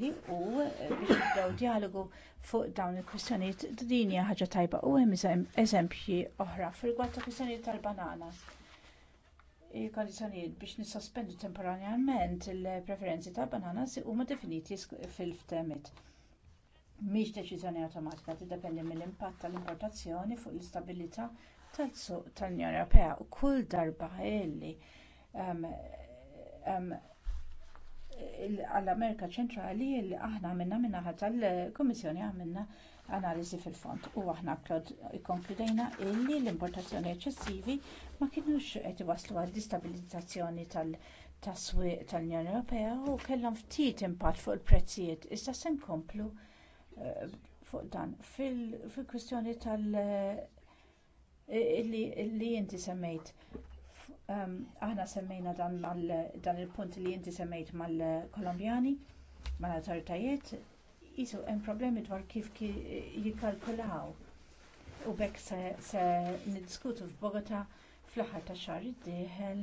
li u biex nibdew dialogu fuq dawn il-kwistjonijiet din hija ħaġa tajba u hemm eżempji oħra fil ta' kwistjonijiet tal-banana. Il-kondizzjonijiet biex nissospendu temporanjament il-preferenzi tal-banana huma definiti fil-ftemit. Mhix deċiżjoni awtomatika tiddependi mill-impatt tal-importazzjoni fuq l-istabilità tal tal-Unjoni Ewropea u kull darba illi għall-Amerika ċentrali li aħna għamilna minna tal-Komissjoni għamilna analiżi fil fond u aħna konkludejna illi l-importazzjoni eċċessivi ma kinux qed iwasslu għal distabilizzazzjoni tas-swieq tal-Unjoni Ewropea u kellhom ftit impatt fuq il-prezzijiet. issa se nkomplu eh, fuq dan fil-kwistjoni tal- eh, li inti semmejt Ehm, aħna semmejna dan il-punt li inti semmejt mal-Kolombjani, mal-autoritajiet, jisu hemm problemi dwar kif jikkalkulaw. U bekk se, se niddiskutu f'Bogota fl-aħħar tax xahar id-dieħel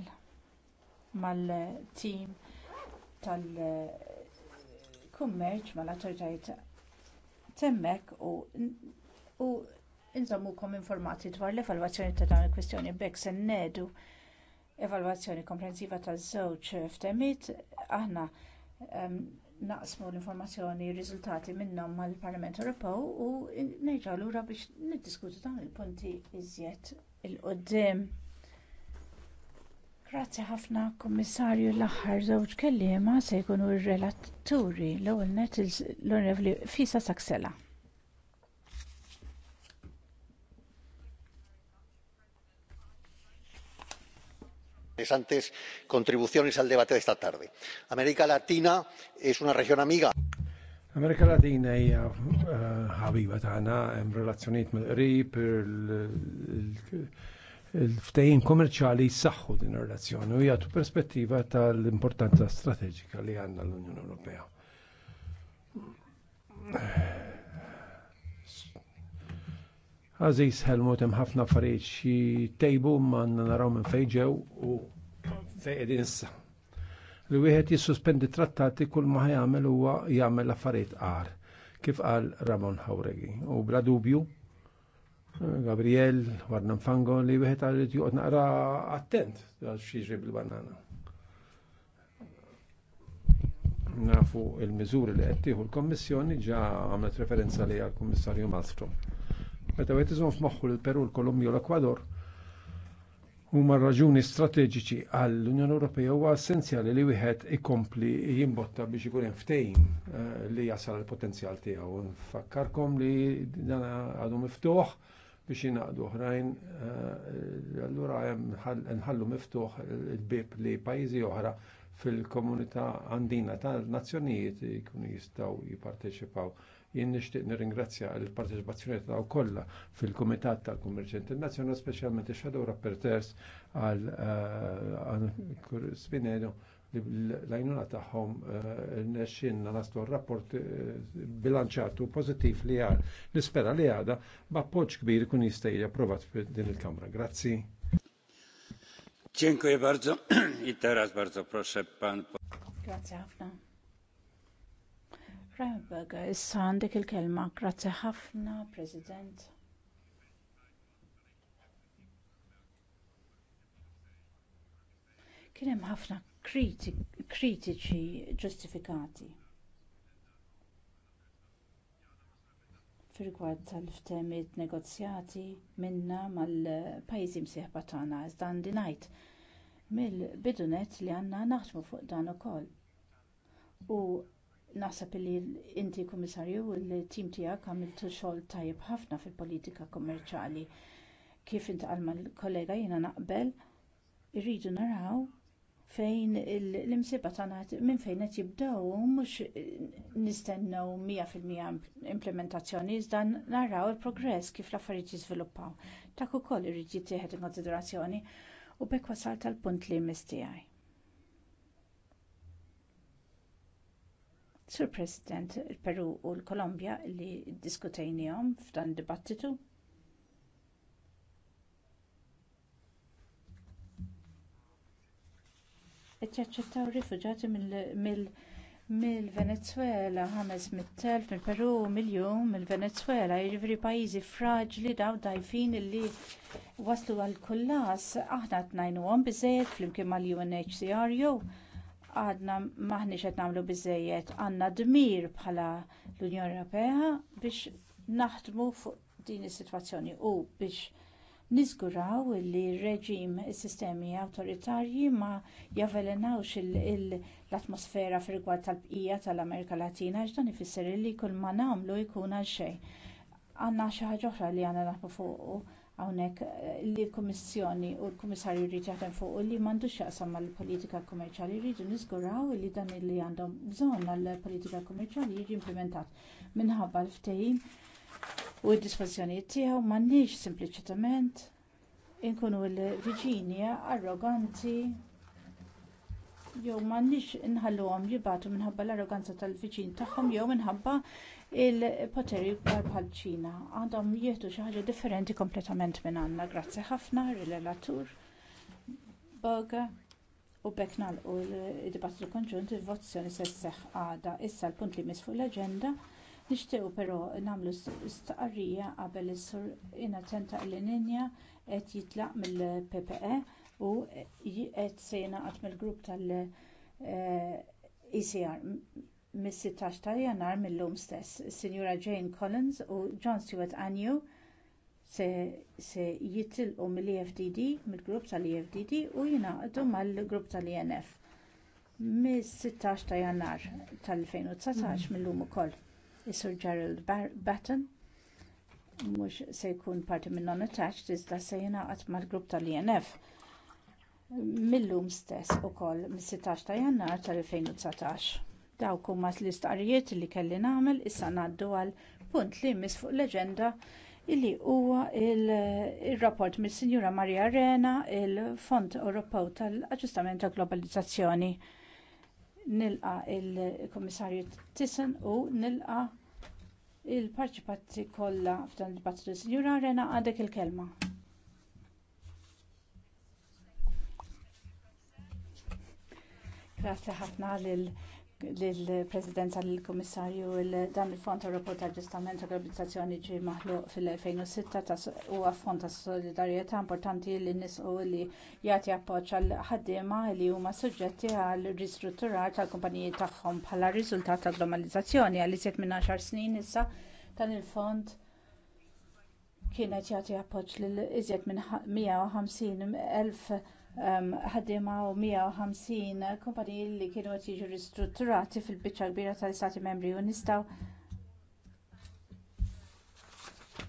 mal-tim tal-kummerċ mal-autoritajiet temmek u, u informati dwar l-evalwazzjoni ta' dawn il-kwistjoni bekk se nnedu evalwazzjoni komprensiva taż-żewġ ftehmiet aħna naqsmu l-informazzjoni r-riżultati minnhom mal-Parlament Ewropew u nerġgħu lura biex niddiskutu dawn il-punti iżjed il-qudiem. Grazzi ħafna Kummissarju l-aħħar żewġ kelliema se jkunu r-relaturi l-ewwel net l-Onorevoli Fisa Saksela. interesantes contribuciones al debate de esta tarde. América Latina es una región amiga. Amerika Latina hija eh, ħabiba tagħna hemm relazzjonijiet mill-qrib, il-ftehim kummerċjali jsaħħu din ir-relazzjoni u jagħtu perspettiva tal-importanza strateġika li għandna l-Unjoni Ewropea. Aziz Helmut hemm ħafna affarijiet xi tejbu ma naraw minn fejn ġew u fejn issa. Li wieħed jissuspendi trattati kull ma jagħmel huwa jagħmel affarijiet qar kif qal Ramon Hawregi. U bla dubju Gabriel Warnam Fango li wieħed għal joqgħod naqra attent għal xi bil-banana. nafu il miżuri li qed tieħu l-Kommissjoni ġa għamlet referenza li għal kummissarju Malmstrom. Meta wieħed iżomm f'moħħu l-Peru, l-Kolumbju, l-Ekwador, huma raġuni strateġiċi għall-Unjoni Ewropea huwa essenzjali li wieħed ikompli jimbotta biex ikun hemm ftehim eh, li jasal il-potenzjal tiegħu. Nfakkarkom li dan għadu miftuħ biex jingħaqdu oħrajn, eh, allura hemm nħallu miftuħ il-bib li pajjiżi oħra fil-komunità għandina tal nazzjonijiet jkunu jistgħu jipparteċipaw Jien nixtieq nirringrazzja l parteċipazzjoni tagħu kollha fil-Kumitat tal-Kummerċ Internazzjonali, speċjalment ix-Shadow Rapporteurs għal eh, li l-għajnuna taħħom n-nexxinna eh, naslu rapport eh, bilanċatu pozittiv li għal. Nispera li għada b'appoġġ kbir kun jistejja provat din il-Kamra. Grazzi. Dziękuję bardzo i teraz bardzo proszę pan. Grazie ħafna. Freiberger, issa għandek il-kelma. Grazzi ħafna, President. Kien hemm ħafna kritiċi ġustifikati. Firgwad tal-ftemiet negozjati minna mal-pajjiżi msieħba tagħna iżda għandi ngħid mill-bidunet li għandna naħdmu fuq dan ukoll. U Naħseb li inti kummissarju u l-tim tiegħek għamiltu xogħol tajjeb ħafna fil-politika kommerċjali. Kif intqal l kollega jiena naqbel, irridu naraw fejn l-imsiba tagħna minn fejn qed jibdew mhux nistennew 100% implementazzjoni iżda naraw il-progress kif l-affarijiet jiżviluppaw. Dak ukoll irid jittieħed in konsiderazzjoni u bekk wasal tal-punt li mistijaj. Sur President, il-Peru u l-Kolombja li diskutejnijom f'dan dibattitu qed jaċċettaw rifuġati mill-Venezwela ħames mit-telf mill-Peru miljum mill-Venezwela jiġifieri pajjiżi fraġli daw dajfin li waslu għal kullas aħna qed ngħinuhom biżżejjed flimkien mal-UNHCR jew għadna maħniċ qed nagħmlu biżżejjed għandna dmir bħala l-Unjoni Ewropea biex naħdmu fuq din is-sitwazzjoni u biex niżguraw li r-reġim sistemi awtoritarji ma javelenawx l-atmosfera fir-rigward tal-bqija tal-Amerika Latina ġdan ifisser li kull ma nagħmlu jkun għal xejn. Għanna xi ħaġa oħra li għandna naħdmu fuq hawnhekk eh, li l-Kummissjoni u l-Kummissarju jrid jaħdem fuq li m'għandux jaqsam mal-politika kummerċjali jridu niżguraw li dan li għandhom bżonn għall-politika kummerċjali jiġi implementat minħabba l-ftehim u d-dispożizzjonijiet tiegħu m'għandniex sempliċitament inkunu l-viġini arroganti jew m'għandniex inħalluhom jibatu minħabba l-arroganza tal-viċin tagħhom jew minħabba il-poteri kbar bħal ċina għandhom jieħdu xi ħaġa differenti kompletament minn għandna. Grazzi ħafna rir-relatur Boga u bekk nagħlqu d-dibattitu konġunt il-votazzjoni se sseħħ għada. Issa l-punt li fuq l-aġenda nixtiequ però nagħmlu stqarrija qabel is-sur inattenta l-linja qed jitlaq mill-PPE u qed se mill-grupp tal- ECR eh, e mis-16 ta' Jannar mill-lum stess. Sinjura Jane Collins u John Stewart Agnew se, se jitilqu mill-EFDD, mill-grupp tal-EFDD u jingħaqdu mal-grupp tal-INF mis-16 ta' Jannar tal-2019 mill-lum ukoll. Is-Sur Gerald Batten mhux se jkun parti minn non-attached iżda se jingħaqad mal-grupp tal-INF millum stess ukoll mis-16 ta' Jannar tal-2019. Dawk huma l-istqarrijiet li kelli nagħmel issa ngħaddu għal punt li jmiss fuq l-eġenda illi huwa il-rapport mis sinjura Maria Arena il-Fond Ewropew tal-Aġġustament tal Globalizzazzjoni. Nilqa il-Kummissarju Tissen u nilqa il parċipanti kollha f'dan il-dibattitu. Sinjura Arena għandek il-kelma. Grazie ħafna lil lill-Presidenza lill-Kummissarju dan il-Fond Ewropew ta' Ġustament ta' Globalizzazzjoni ġie maħluq fil-2006 huwa fond ta' solidarjetà importanti li nisqu li jagħti appoġġ għal ħaddiema li huma suġġetti għal ristrutturar tal-kumpaniji tagħhom bħala riżultat ta' globalizzazzjoni għal iżjed minn għaxar snin issa dan il-fond kienet jagħti appoġġ lil iżjed minn 150 elf Um, ħaddiema u 150 kumpaniji li kienu qed jiġu ristrutturati fil-biċċa kbira tal-Istati Membri u nistgħu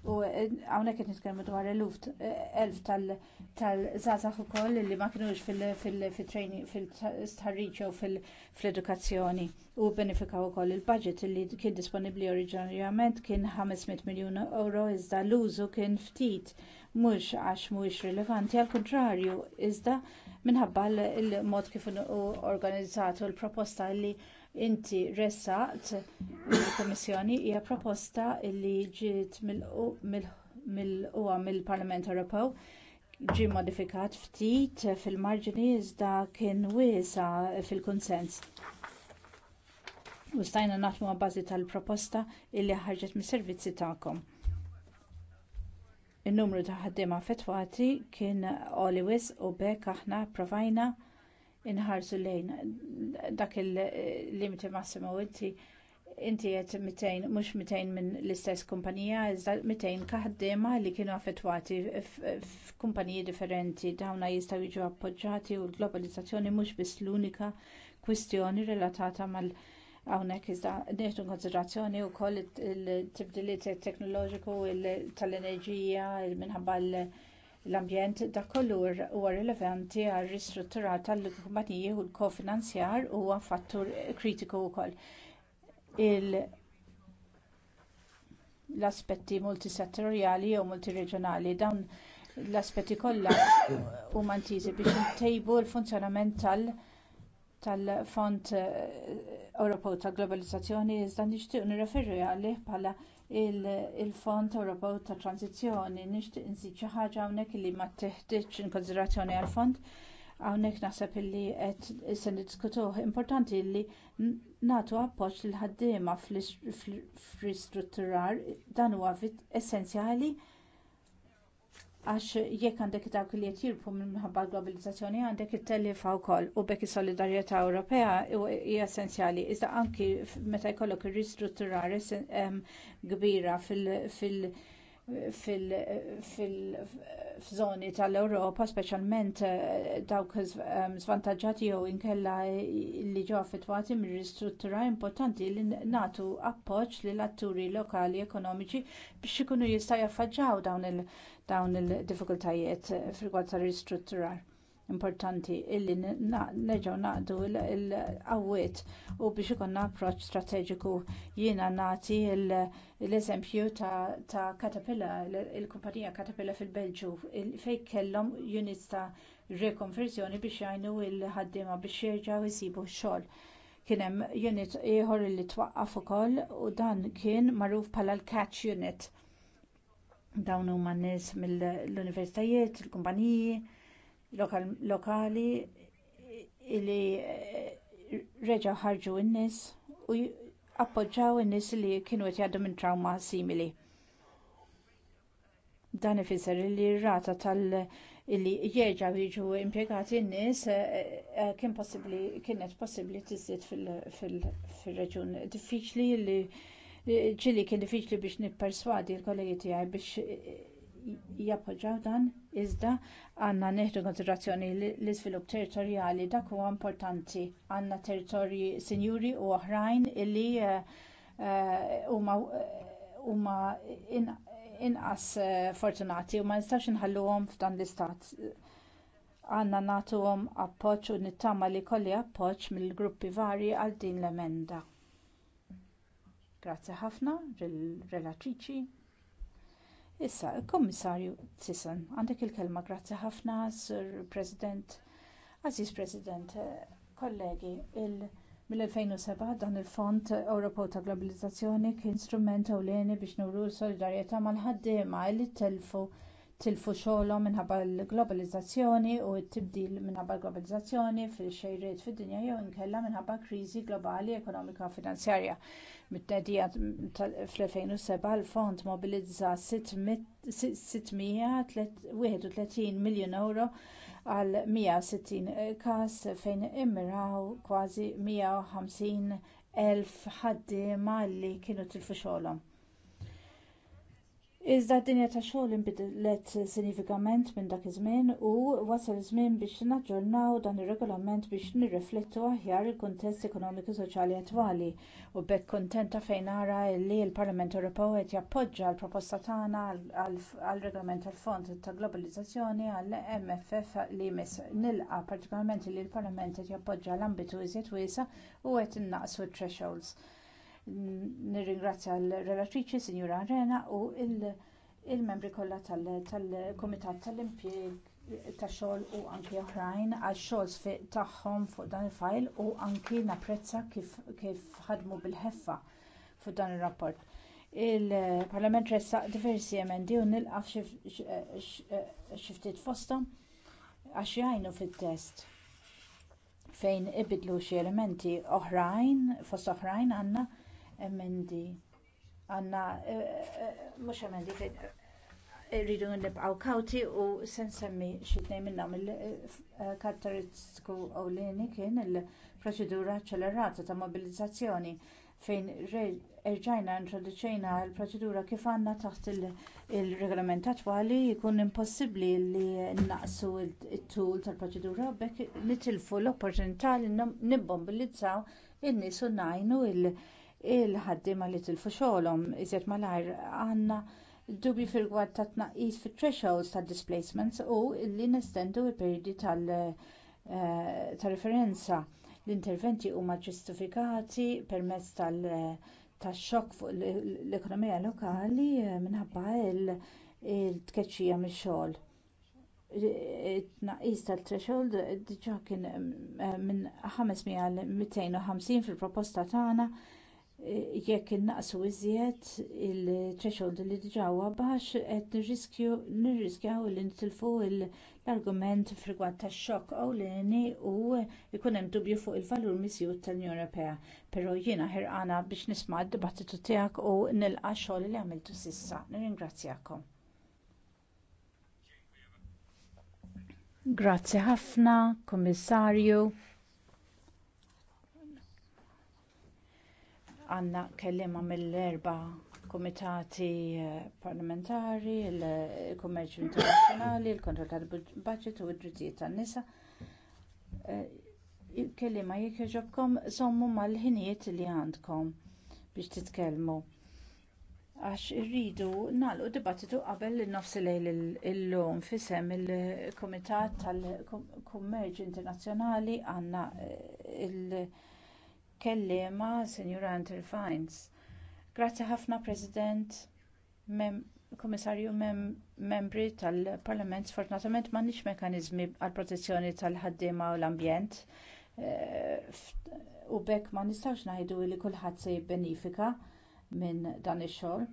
U eh, hawnhekk qed nitkellmu dwar eh, elf tal-żazax ukoll li ma kinux fil-training fil-tħarriġ jew fil-edukazzjoni u benefikaw ukoll il-budget li kien disponibbli oriġinarjament kien 500 miljun euro iżda l-użu kien ftit mhux għax mhuwiex rilevanti għal kuntrarju iżda minħabba l-mod kif organizzatu l-proposta li inti ressaqt mill-Kummissjoni hija proposta li ġiet milquha mill-Parlament Ewropew ġie modifikat ftit fil-marġini iżda kien wiesa fil-kunsens. U stajna naħdmu għabbażi tal-proposta li ħarġet mis-servizzi tagħkom in-numru ta' ħaddiema affettwati kien għoli wisq u b'hekk aħna pprovajna inħarsu lejn dak il-limiti massimu inti inti qed 200 mhux 200 minn l-istess kumpanija iżda 200 kaħdiema li kienu affettwati f'kumpaniji differenti dawna jistgħu jiġu appoġġjati u l-globalizzazzjoni mhux biss l-unika kwistjoni relatata mal- hawnhekk iżda nieħdu konsiderazzjoni wkoll il tibdiliet teknoloġiku tal-enerġija minħabba l-ambjent da kollu huwa rilevanti għal ristrutturar tal-kumpaniji u l-kofinanzjar huwa fattur kritiku wkoll. l-aspetti multisettorjali jew multireġjonali dawn l-aspetti kollha huma ntiżi biex intejbu l-funzjonament tal- tal-Fond Ewropew ta' Globalizzazzjoni iżda nixtieq nirreferi għalih bħala il-Fond Ewropew ta' Transizzjoni. Nixtieq nżid xi ħaġa hawnhekk li ma teħtieġ inkonsiderazzjoni għall fond hawnhekk naħseb illi qed se niddiskutuh importanti li nagħtu appoġġ lil ħaddiema fl-istrutturar dan huwa essenzjali għax jekk għandek dawk li qed jirbu minħabba globalizzazzjoni għandek it-tellifa wkoll u bekk is-solidarjetà Ewropea hija essenzjali iżda anki meta jkollok irristrutturar kbira fil- fil-żoni tal-Ewropa, speċjalment eh, dawk żvantaġġati jew inkella li ġew affettwati mir ristruttura importanti li nagħtu appoġġ lill atturi lokali ekonomiċi biex ikunu jista' jaffaġġaw dawn il- dawn il-diffikultajiet fil-gwad ta' ristrutturar importanti illi neġaw naqdu l għawet u biex ikonna approċċ strateġiku jiena nagħti l-eżempju ta' Caterpillar, il-kumpanija Caterpillar fil-Belġu fej kellhom units ta' rekonversjoni biex jajnu l-ħaddiema biex jerġgħu jsibu x-xogħol. Kien hemm unit ieħor li twaqqaf ukoll u dan kien magħruf bħala l-catch unit dawn huma nies mill-universitajiet, il-kumpaniji lokali li eh, reġa' ħarġu n-nies u appoġġaw in-nies li kienu qed jgħaddu minn trauma simili. Dan ifisser li r-rata tal- illi jerġa' jiġu impjegati n-nies eh, eh, kien possibbli kienet possibbli tiżid fil-reġun. Diffiċli li ġili kien diffiċli biex nipperswadi l-kollegi tiegħi biex eh, eh, jappoġġaw dan iżda għandna neħdu konsiderazzjoni l-iżvilupp territorjali dak huwa importanti għandna territorji sinjuri u oħrajn illi eh, huma inqas fortunati u ma nistax inħalluhom f'dan l-istat għandna nagħtuhom appoġġ u nittama li jkolli appoġġ mill-gruppi varji għal din l-emenda Grazzi ħafna relatriċi. Issa, il kummissarju Sisson, għandek il-kelma grazzi ħafna, Sur President, Aziz President, kollegi, il- mill-2007 dan il-Fond Ewropew ta' Globalizzazzjoni kien strument ewlieni biex nuru solidarjetà mal-ħaddiema li telfu tilfu xogħolhom minħabba l-globalizzazzjoni u t-tibdil minħabba l-globalizzazzjoni fil-xejriet fid-dinja jew inkella minħabba kriżi globali ekonomika u finanzjarja mit-tnedija fl-2007 il-fond mobilizza 631 miljun euro għal 160 każ fejn immiraw kważi 150 elf ħaddiema li kienu tilfu xogħolhom Iżda d-dinja ta' xogħol inbidlet sinifikament minn dak iż-żmien u wasal iż-żmien biex naġġornaw dan ir-regolament biex nirriflettu aħjar il-kuntest ekonomiku soċjali attwali u b'hekk kontenta fejn nara li l-Parlament Ewropew qed jappoġġa l-proposta tagħna għall-regolament tal-Fond ta' Globalizzazzjoni għall-MFF li jmiss nilqa partikolarment li l-Parlament qed jappoġġa l-ambitu iżjed wiesa' u qed innaqsu t-thresholds Nirringrazzja l-relatriċi, Sinjura Arena, u il-membri kollha tal kumitat tal impjeg tax-xogħol u anki oħrajn għax xogħol sfiq tagħhom fuq dan il-fajl u anki napprezza kif, ħadmu bil-ħeffa fuq dan ir-rapport. Il parlament ressaq diversi emendi u nilqaf xi ftit fosthom għax jgħinu fit-test fejn ibidlu xi elementi oħrajn fost oħrajn għandna emendi għanna eh, eh, mux emendi eh, rridu nibqaw kawti u se nsemmi xitnej minnhom il-karatteristiku ewlieni kien il-proċedura ċelerata ta' mobilizzazzjoni fejn erġajna introduċejna l-proċedura kif għandna taħt il-regolament attwali jkun impossibbli li naqsu t tul tal-proċedura bekk nitilfu l-opportunità li nibbombilizzaw in-nies u ngħinu l il-ħaddiema li tilfu xogħolhom iżjed malajr għandna dubju fil-gwad ta' tnaqqis fit thresholds tad displacements u li nestendu l perjodi tal-referenza. Eh, L-interventi huma ġustifikati permezz tal- tax-xokk fuq l-ekonomija lokali eh, minħabba il-tkeċċija mix-xogħol. it Tnaqqis tal-threshold diġà kien eh, minn 500 l 250 fil-proposta tagħna jekk innaqsu iżjed il-threshold li diġà huwa baxx qed nirriskjaw li nitilfu l-argument f'rigward tax-xokk ewlieni u jkun hemm dubju fuq il-valur miżjud tal-Unjoni Ewropea. Però jiena ħirqana biex nisma' d-dibattitu tiegħek u nilqa' xogħol li għamiltu s'issa. Nirringrazzjakom. Grazzi ħafna, kommissarju. għanna kellima mill-erba komitati eh, parlamentari, il-kummerċ internazzjonali, il-kontroll tal-budget u id-drittijiet tan-nisa. Eh, Il-kellima jekk jogħġobkom sommu mal-ħinijiet li għandkom biex titkellmu. Għax irridu nagħlqu dibattitu qabel nofsi lejl illum fisem il-Kumitat tal-Kummerċ Internazzjonali għandna eh, il-, -il, -il, -il kelliema Sinjura Antil Fines. Grazzi ħafna President, Kummissarju, Komissarju membri tal-Parlament, sfortunatament m'għandniex mekkaniżmi għall protezzjoni tal-ħaddiema u l-ambjent. Eh, u bekk ma nistax ngħidu li kulħadd se jibbenifika minn dan ix-xogħol.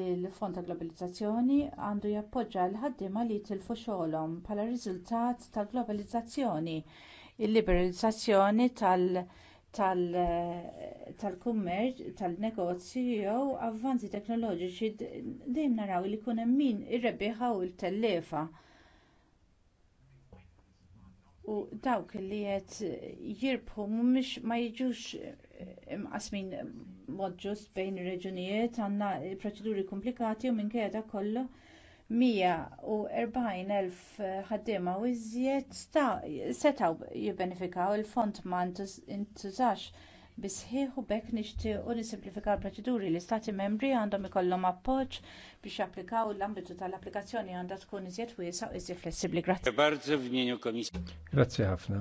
Il-Fond ta' Globalizzazzjoni għandu jappoġġa l-ħaddiema li jitilfu xogħolhom bħala riżultat tal-globalizzazzjoni il-liberalizzazzjoni tal-, -globalizzazzjoni, il liberalizzazzjoni tal globalizzazzjoni tal Eh, tal-kummerċ, tal-negozju jew avvanzi teknoloġiċi dejjem naraw li jkun hemm min irrebbieħa u l-tellefa. U dawk li qed jirbħu mhumiex ma jiġux eh, imqasmin mod ġust bejn ir-reġunijiet għandna proċeduri komplikati u minkejja kollu 140,000 ħaddiema u iżjed setgħu jibbenefikaw il-fond ma ntużax bi sħiħ u b'hekk nixtiequ nisimplifikaw il-proċeduri li stati membri għandhom ikollhom appoġġ biex japplikaw l-ambitu tal-applikazzjoni għandha tkun iżjed wiesa u iżjed flessibbli. Grazzi. Grazzi ħafna.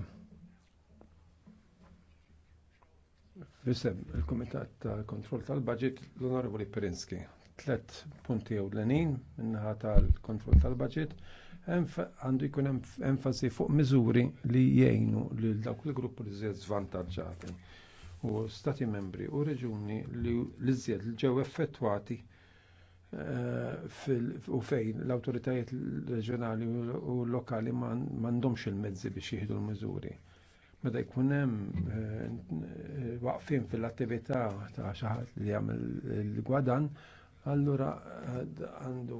Fisem il-Kumitat tal-Kontroll tal-Budget l-Onorevoli Perinski tlet punti ewlenin minnaħa tal-kontroll tal-budget għandu jkun enfasi fuq miżuri li jgħinu li dawk il-gruppi li żjed zvantagġati u stati membri u reġuni li żjed li ġew effettwati eh, u fejn l-awtoritajiet reġjonali u lokali m'għandhomx il-mezzi biex jieħdu l-miżuri. Meta jkun hemm eh, eh, waqfin fil-attività ta' xi li jagħmel il-gwadan, allura għandu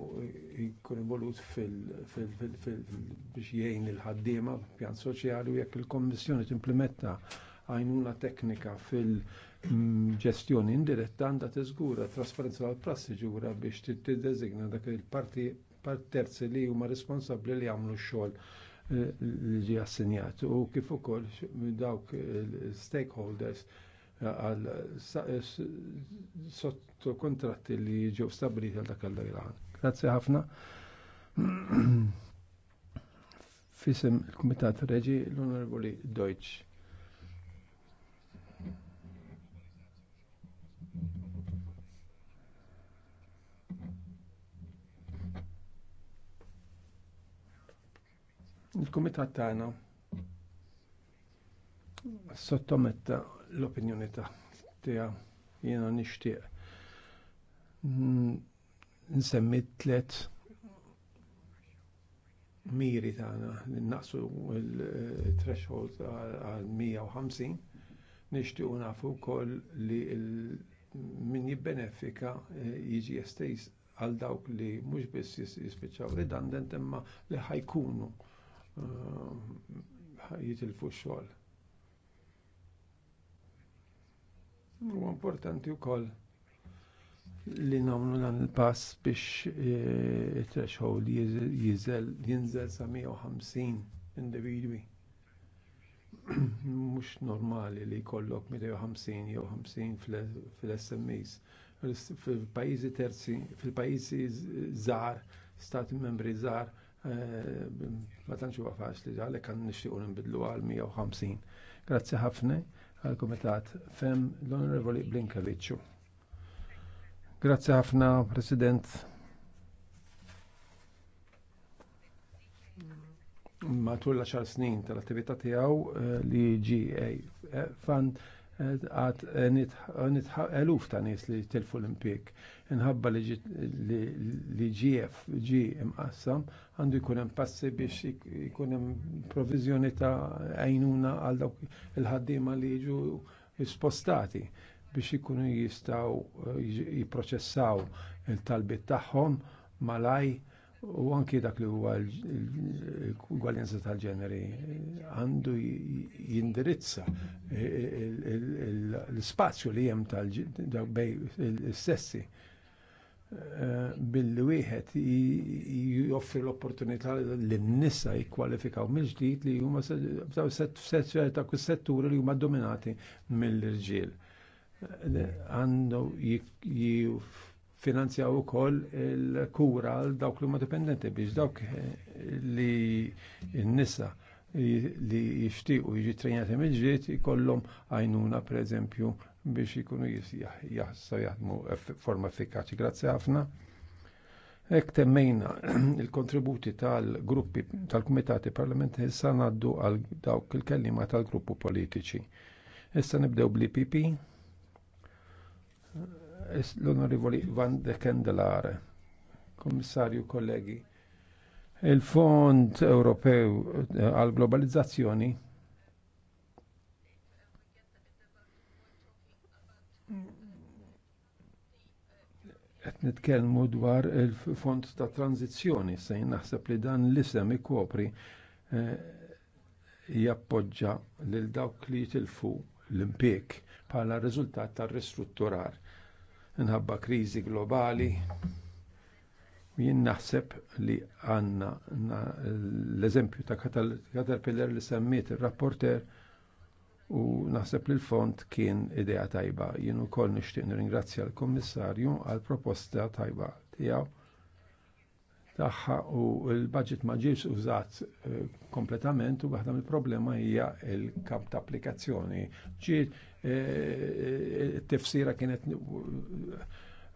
jkun involut biex jgħin il-ħaddiema pjan soċjali u jekk il-Kommissjoni timplementa għajnuna teknika fil-ġestjoni mm, indiretta għandha tiżgura trasparenza tal prassi ġura biex t-dezigna dak il-parti part terzi li huma responsabbli li għamlu x-xogħol eh, li ġie assenjat u kif ukoll dawk eh, stakeholders għal sotto kontratti li ġew stabiliti għal dak il-għan. Grazzi ħafna. Fisem il-Kumitat Reġi l-Onorevoli Deutsch. Il-Kumitat tagħna sottometta l-opinjoni ta' tija jena nishtiq. Nsemmi tlet miri tagħna li naqsu l-threshold għal 150 nixtiequ nafu wkoll li min jibbenefika jiġi estejs għal dawk li mhux biss jispiċċaw redundant imma li ħajkunu jitilfu x-xogħol. Huwa importanti wkoll li nagħmlu dan il-pass biex e, threshold jiżel jinżel sa 150 individwi. Mhux normali li jkollok 150 jew 50 fil-SMEs. Fil-pajjiżi terzi, fil pajizi żgħar, stati membri żgħar, e, ma tanċu għafax faċli għalek għan nishtiqun nbidlu għal 150. Grazzi ħafna għal-Komitat FEM l-Onorevoli Blinkeviċu. Grazie ħafna, President. Matul la xar snin tal-attività tiegħu eh, li GA fan għad eh, eluf ta' nis li telfu l-impik. Nħabba li ġief ġi imqassam għandu jkun hemm passi biex jkunem hemm provizjoni ta' għajnuna għal dawk il-ħaddiema li jiġu spostati biex ikunu jistaw eh, jiprocessaw il-talbit tagħhom malaj U anki dak li huwa l-gwaljanza tal-ġeneri għandu jindirizza e, e, e, l-spazju li jem tal ġeneri l istessi billi wieħed joffri l-opportunità li n-nisa jikkwalifikaw mill-ġdid li huma ta' setturi li huma dominati mill-irġiel. Għandu finanzjaw ukoll il-kura għal dawk li ma dipendenti biex dawk eh, li n-nisa li jixtiequ jiġi trejnati mill-ġiet ikollhom għajnuna pereżempju biex ikunu jassa jaħdmu forma effikaċi. Grazzi ħafna. Ek temmejna il-kontributi tal-gruppi tal-kumitati parlamenti issa naddu għal dawk il-kellima tal-gruppu politiċi. Issa nibdew bl-PP l-Onorevoli Van de Kendelare, Kommissarju kollegi. Il-Fond Ewropew għal-Globalizzazzjoni eh, qed nitkellmu dwar il-fond ta' transizzjoni se naħseb li dan l-isem ikopri eh, jappoġġa lil dawk li jitilfu l impiek bħala riżultat tar ristrutturar minħabba kriżi globali. Jien naħseb li għanna l-eżempju ta' Caterpillar li semmiet il-rapporter u naħseb li l-fond kien idea tajba. Jien ukoll nixtieq nirringrazzja l-Kummissarju għal proposta tajba tiegħu tagħha u l-budget ma ġiex użat eh, kompletament u waħda mill-problema hija l-kamp ta' applikazzjoni. Ġiet tifsira kienet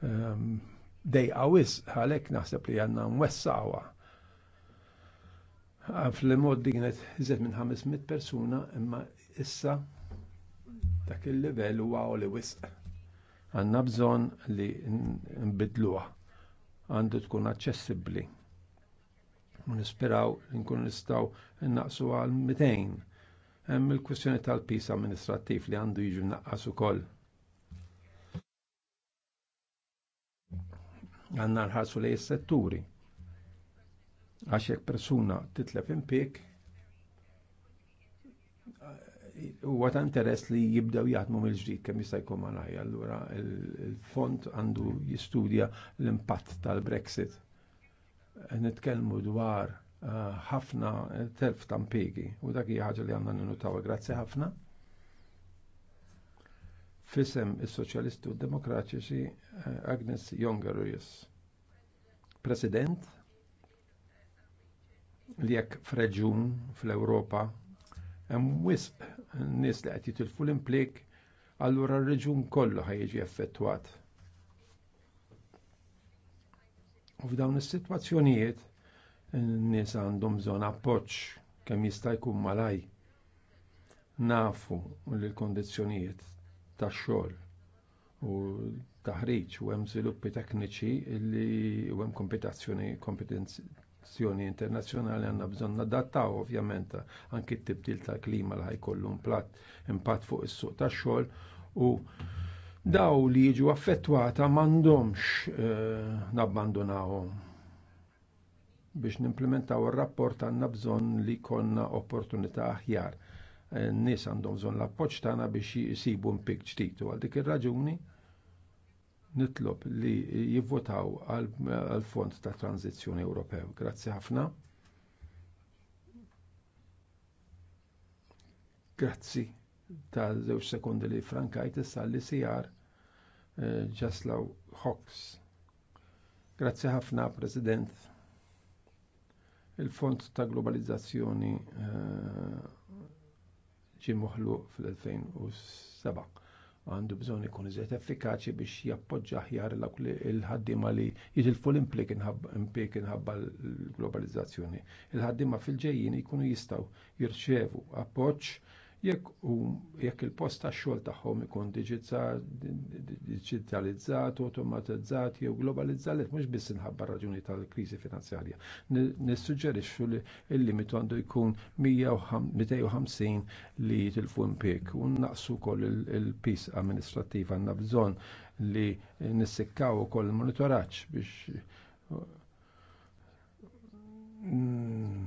ehm, dej għawis għalek naħseb li għanna mwessawa. Fl-mod dignet iżet minn 500 persuna imma issa dak il-level u għaw li wisq. Għanna bżon li nbidluħ għandu tkun aċċessibbli. Nisperaw nkun nistaw naqsu għal 200 hemm il-kwistjoni tal-pis amministrattiv li għandu jiġu naqqas ukoll. Għanna nħarsu li s-setturi. Għax jekk persuna titlef impik, huwa ta' interess li jibdew jgħatmu mill-ġdid kemm jista' jkun malaj. Allura il-fond għandu jistudja l-impatt tal-Brexit. Nitkellmu dwar ħafna telf tampigi u dak hija ħaġa li għandna ninutaw. Grazzi ħafna. Fisem is-Soċjalisti u Demokratiċi Agnes Jongerujus. President li jekk freġun fl-Ewropa hemm wisq nies li qed jitilfu l-implik allura r-reġun kollu jiġi effettwat. U f'dawn is-sitwazzjonijiet n-nies għandhom bżonn appoġġ kemm jista' jkun malaj. Nafu li l-kondizzjonijiet tax-xogħol u taħriġ u hemm żviluppi tekniċi li u hemm kompetizzjoni kompetizzjoni internazzjonali għandna bżonn nadattaw ovvjament anki t-tibdil tal-klima li ħajkollu impatt fuq is-suq tax-xogħol u daw li jiġu affettwata m'għandhomx eh, nabbandunawhom biex nimplementaw ir-rapport għandna bżonn li jkollna opportunità aħjar. Eh, Nis nies għandhom bżonn l appoċ tagħna biex jisibu mpik ġdid u għal dik ir-raġuni nitlob li jivvotaw għal fond ta' tranzizjoni Ewropew. Grazzi ħafna. Grazzi ta' żewġ sekundi li frankajt issa li sijar Ġaslaw eh, Hawks. Grazzi ħafna, President. Il-Fond ta' Globalizzazzjoni eh, ġi moħlu fl-2007. Għandu bżon ikun iżet effikaċi biex jappoġġa ħjar il ħaddima li jitilfu l-implik impik inħabba l-globalizzazzjoni. il ħaddima fil-ġejjin ikunu jistaw jirċevu appoġġ jekk jekk il-post tax-xogħol tagħhom ikun diġitalizzat, automatizzat jew globalizzat mhux biss inħabba raġuni tal-kriżi finanzjarja. Nissuġġerixxu li il limitu għandu jkun 250 li jitilfu impjeg u naqsu wkoll il-pis amministrattiva għandna bżonn li nissikkaw ukoll il-monitoraġġ biex mm,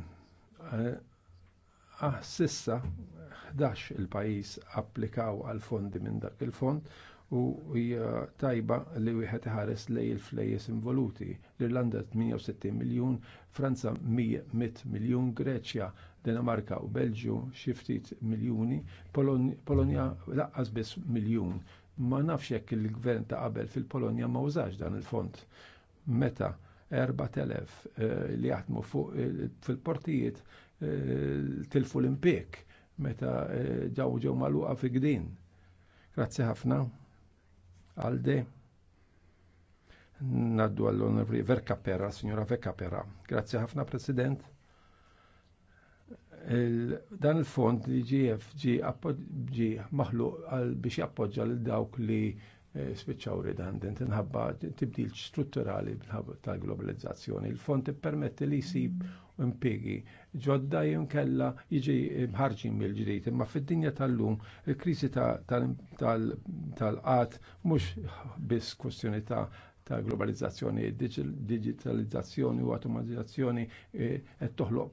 Ah, sissa 11 il-pajis applikaw għal fondi minn dak il-fond u hija tajba li wieħed iħares lej il-flejjes involuti. L-Irlanda 68 miljun, Franza 100 miljun, Greċja, Danimarka u Belġju xi ftit miljuni, Polonja laqqas biss miljun. Ma nafx jekk il-gvern ta' qabel fil-Polonja ma użax dan il-fond. Meta 4000 eh, li jaħdmu fuq eh, fil-portijiet tilfu l-impik meta eh, ġaw ġew maluqa fi gdin. Grazzi ħafna. Alde. Naddu għall-onorevoli Verka signora Verka Pera. Grazzi ħafna, President. dan il-fond li GF ġi maħluq biex jappoġġa l dawk li Eh, spiċċaw redundant tinħabba tibdil strutturali tal-globalizzazzjoni. Il-fond permetti li jsib impiegi ġodda jinkella jiġi mħarġin mill-ġdid, imma fid-dinja tal-lum il-kriżi tal-qat mhux biss kwestjoni ta' ta' globalizzazzjoni, digitalizzazzjoni u automatizzazzjoni eh, qed toħloq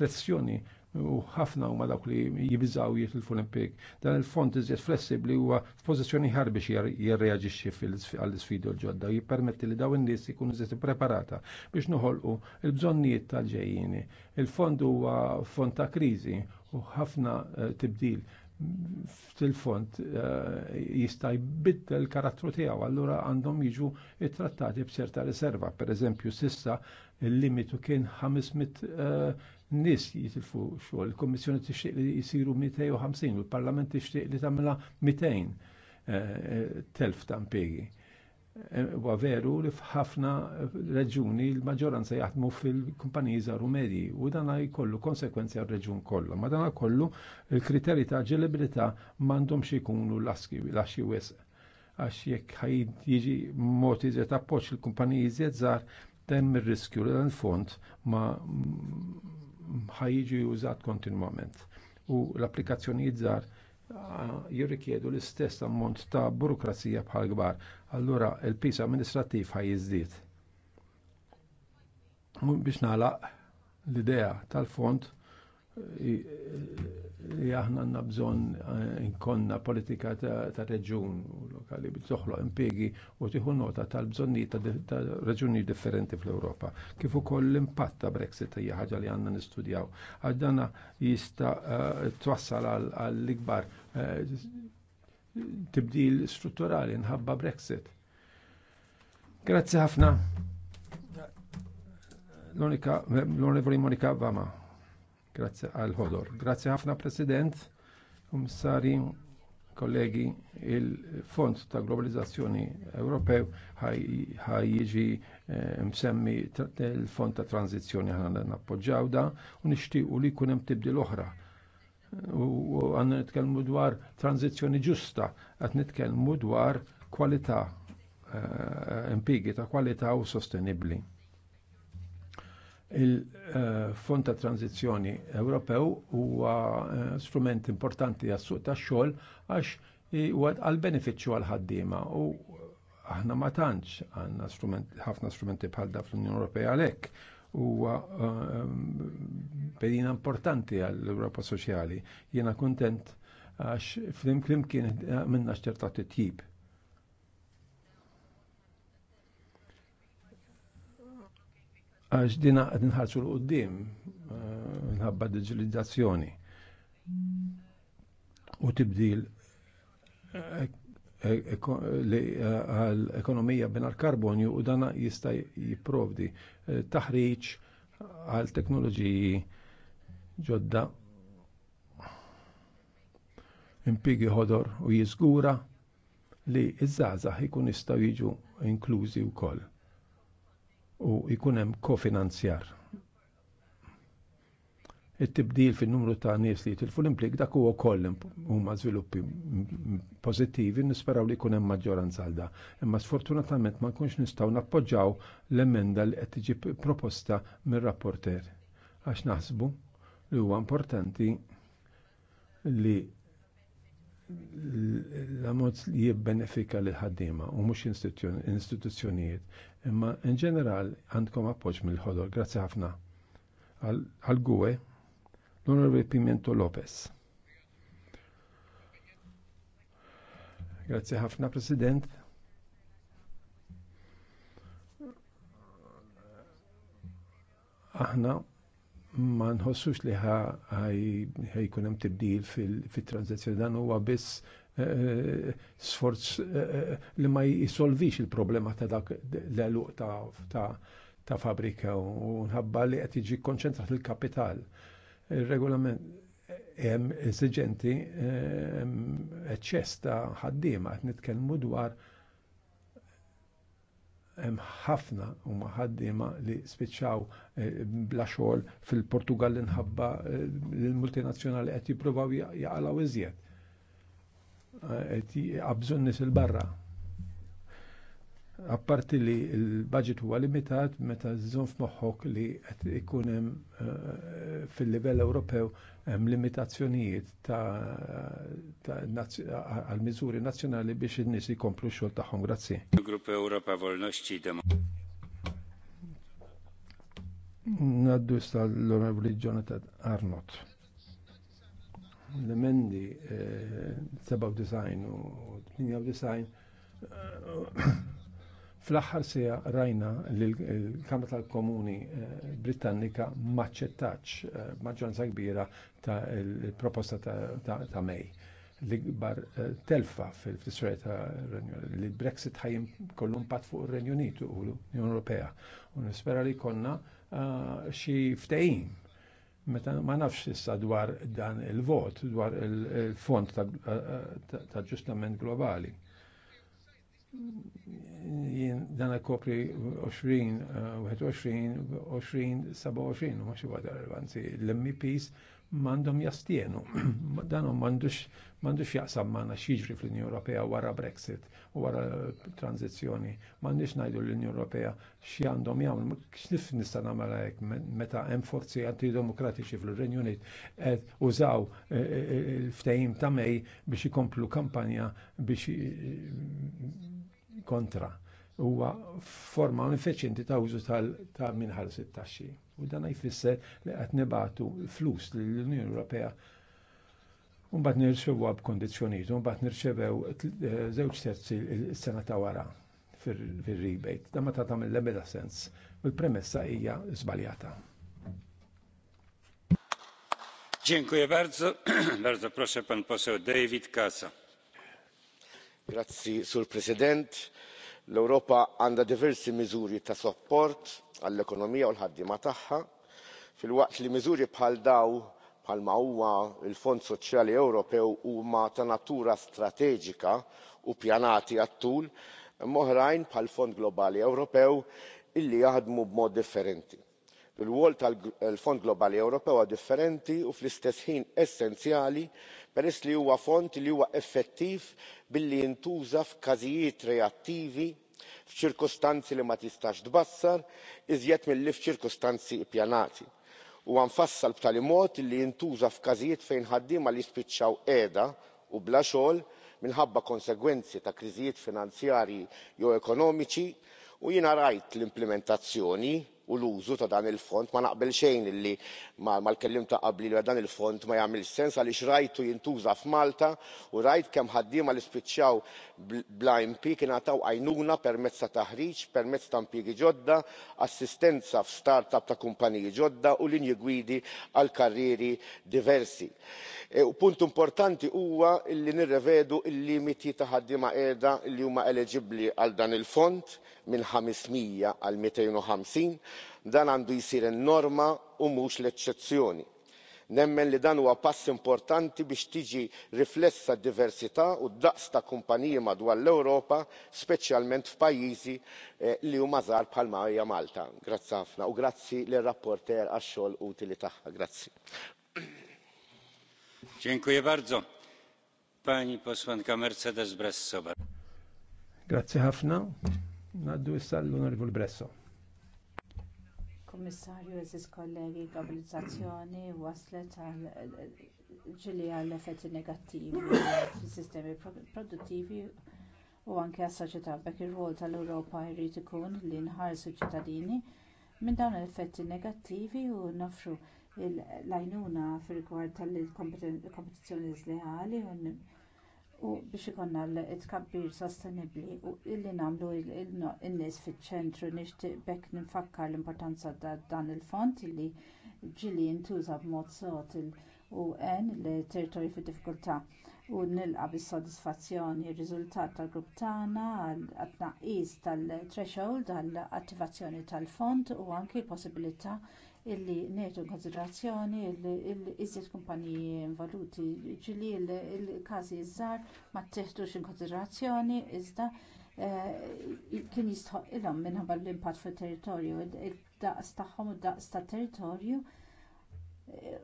pressjoni u ħafna huma dawk li jibżaw jitilfu l-impik. Dan il-fond iżjed flessibli huwa f'pożizzjoni ħar biex jirreaġixxi għall-isfidu l-ġodda u jippermetti li daw in-nies ikunu iżjed preparata biex noħolqu il-bżonnijiet tal-ġejjini. Il-fond huwa fond ta' kriżi u ħafna eh, tibdil fil-font eh, jista' jbiddel karattru tiegħu, allura għandhom jiġu trattati b'serta riserva. Per eżempju, sissa il-limitu kien 500 nis jitilfu xogħol. Il-Kommissjoni tixtieq li jisiru 250 u l-Parlament tixtieq li tagħmilha 200 eh, eh, telf ta' impjegi. Eh, huwa veru li f'ħafna reġuni l-maġġoranza jaħdmu fil-kumpaniji żgħar medji u dan jkollu konsekwenzi għar-reġun kollha. Ma dan kollu il-kriterji ta' ġelibilità m'għandhomx ikunu laxki laxxi wisq għax jekk ħajid jiġi mod iżjed appoġġ il-kumpaniji iżjed żgħar dan mir-riskju li dan il-fond ma ħajġi użat kontinwament u l-applikazzjonijiet żgħar jirrikjedu l-istess ammont ta' burokrazija bħal kbar. Allura il-pis amministrattiv ħaj jiżdied. Biex nagħlaq l-idea tal-fond aħna għanna bżon eh, nkonna politika ta' reġun u lokali bi toħloq impiegi u tieħu nota tal-bżonnijiet ta' ta' reġuni differenti fl-Ewropa. Kif ukoll l-impatt ta' Brexit hija ħaġa li għandna nistudjaw. Għaddana jista' eh, twassal għall-ikbar eh, tibdil strutturali nħabba Brexit. Grazzi ħafna. L-onika, l-onorevoli Monika Vama. Grazzi għal ħodor. Grazzi ħafna President, Kummissari, kollegi, il-Fond ta' Globalizzazzjoni Ewropew ħaj jiġi eh, msemmi il-Fond ta' Tranzizzjoni ħana nappoġġaw da u nixtiequ li jkun hemm l oħra u għanna nitkelmu dwar tranzizjoni ġusta, għat nitkelmu dwar kwalità, eh, impigi ta' kwalità u sostenibli. Il-Fond ta' Tranzizzjoni Ewropew huwa eh, strument importanti għas-suq tax-xogħol għax huwa għal-benefiċċju għal-ħaddiema u aħna ma tantx għandna ħafna strumenti bħal da fl-Unjoni Ewropea għalhekk huwa eh, pedina importanti għall-Ewropa Soċjali. Jiena kuntent għax flimkien eh, minna xċerta t-tip. għax dina qed nħarsu l qudiem minħabba eh, digitalizzazzjoni u tibdil eh, eh, l ekonomija binar karbonju u dana jista' jipprovdi taħriċ għal teknoloġiji ġodda impigi ħodor u jiżgura li iż żazax ikun jistgħu jiġu inklużi wkoll u jkun hemm kofinanzjar. It-tibdil fin-numru ta' nies li jitilfu l-implik dak huwa wkoll huma żviluppi pożittivi nisperaw li jkun hemm maġġoranza għal da. Imma sfortunatament ma nkunx nistgħu nappoġġaw l-emenda li qed tiġi proposta mir-rapporter. Għax naħsbu li huwa importanti li l-ammont li jibbenefika l ħaddiema u mhux istituzzjonijiet, imma in ġeneral għandkom appoġġ mill-ħodor, grazzi ħafna. Għal-gwe, l-Onorevoli Pimento Lopez. Grazzi ħafna, President. Aħna ma nħossux li ħajkun hemm tibdil fit-tranzazzjoni dan huwa biss eh, eh, sforz eh, li ma jisolvix il-problema ta' dak l-eluq ta' fabrika u nħabba li qed jiġi konċentrat il-kapital. Il-regolament hemm eżiġenti eċċess ta' ħaddiema qed nitkellmu dwar hemm ħafna huma ħaddiema li spiċċaw eh, bla xogħol fil-Portugal inħabba eh, l-multinazzjonali qed jippruvaw jaqalgħu iżjed. Eh, qed qabżun nies il-barra apparti li l-budget huwa limitat meta żżomm f'moħħok li qed ikun hemm eh, fil-livell Ewropew hemm limitazzjonijiet ta' għal miżuri nazzjonali biex in-nies jkomplu x-xogħol tagħhom. Grazzi. Grupp Ewropa Volnosti Naddu sta l-Onorevoli Jonathan Arnott. L-emendi 97 eh, u 98 Fl-aħħar sija rajna li l-Kamra tal-Komuni eh, Britannika maċċettax eh, maġġoranza kbira ta' il-proposta ta' May eh, li kbar telfa fil-fisra ta' li brexit ħajim kollu impatt fuq ir-Renju Unitu u l-Unjoni Ewropea. U nispera li konna xi ftehim meta ma nafx issa dwar dan il-vot dwar il-fond ta' ġustament globali jien dan kopri 20, 21, 20, 27, ma xi waħda għanzi L-MPs m'għandhom jastienu. Dan m'għandux m'għandux jaqsam manna x'jiġri fl-Unjoni Europea wara Brexit u wara tranzizjoni. Mandux ngħidu l-Unjoni xie għandhom jagħmlu, xnif nista' nagħmel hekk meta hemm forzi antidemokratiċi fl-Renju Unit qed użaw eh, eh, eh, il-ftehim ta' Mej biex ikomplu kampanja biex kontra huwa forma infeċenti ta' użu ta' minħal sit-taxxi. U dan jfisser li qed nibatu flus lill-Unjoni Ewropea Unbat nirċevu għab kondizjoniet, unbat nirċevew zewċ eh, terzi s-sena ta' wara fil-rebate. Da ma ta' l-ebda sens. l premessa hija zbaljata. Dziękuję bardzo. Bardzo proszę pan poseł David Kasa sur president l-ewropa għandha diversi miżuri ta' support għall-ekonomija u l-ħaddiema tagħha filwaqt li miżuri bħal dawn bħalma huwa l fond soċjali ewropew huma ta' natura strateġika u ppjanati għat-tul imma oħrajn bħall fond globali ewropew illi jaħdmu b'mod differenti. ir rwol tal fond globali ewropew huwa differenti u fl-istess ħin essenzjali peress li huwa fond li huwa effettiv billi jintuża f'każijiet reattivi f'ċirkustanzi li ma tistax tbassar iżjed milli f'ċirkustanzi ppjanati. huwa mfassal b'tali mod li jintuża f'każijiet fejn ħaddiema li jispiċċaw qiegħda u bla xogħol minħabba konsegwenzi ta' kriżijiet finanzjarji jew ekonomiċi u jiena rajt l implementazzjoni u l-użu ta' dan il fond ma naqbel xejn illi mal kellim ta' qabli li dan il fond ma jagħmilx sens għaliex rajtu jintuża f'malta u rajt kemm ħaddiema li spiċċaw bla kien ingħataw għajnuna permezz ta' taħriġ permezz ta' impjiegi ġodda assistenza f'start up ta' kumpaniji ġodda u linji gwidi għal karrieri diversi. E, u punt importanti huwa li nirrevedu l limiti ta' ħaddiema qiegħda li huma eligibbli għal dan il fond minn 500 għal 250 ħamsin dan għandu jsir in-norma u mhux l-eċċezzjoni. nemmen li dan huwa pass importanti biex tiġi riflessa d-diversità u d-daqs ta' kumpaniji madwar l-ewropa speċjalment f'pajjiżi eh, li huma żgħar bħal hija malta. grazzi ħafna u grazzi lir rapporter għax-xogħol utili tagħha. grazzi. bardzo. Grazie ħafna. Naddu issa l-Onorevol Bresso. Kommissarju, eżis kollegi, globalizzazzjoni waslet għal ġili għal effetti negattivi fil-sistemi produttivi u anke għas-soċjetà bekk ir-rol tal-Ewropa jrid ikun li nħarsu ċittadini minn dawn l-effetti negattivi u nofru l-għajnuna fil rigward tal-kompetizzjoni leali u biex ikonna l-tkabbir sostenibbli u illi nagħmlu il-nis fiċ-ċentru nixtieq bekk nifakkar l-importanza ta' dan il-fond illi ġieli ntuża b'mod sot u għen l-territorju fi diffikultà u nilqa bis-sodisfazzjoni r-riżultat tal-grupp tagħna għat-tnaqqis tal-threshold għall-attivazzjoni tal-fond u anki l-possibilità illi neħdu konsiderazzjoni il-iżjed kumpaniji involuti ġili il-każi żgħar ma teħdux in konsiderazzjoni iżda eh, kien jistħoq ilhom minħabba l-impatt it territorju id-daqs tagħhom u d-daqs tat territorju eh,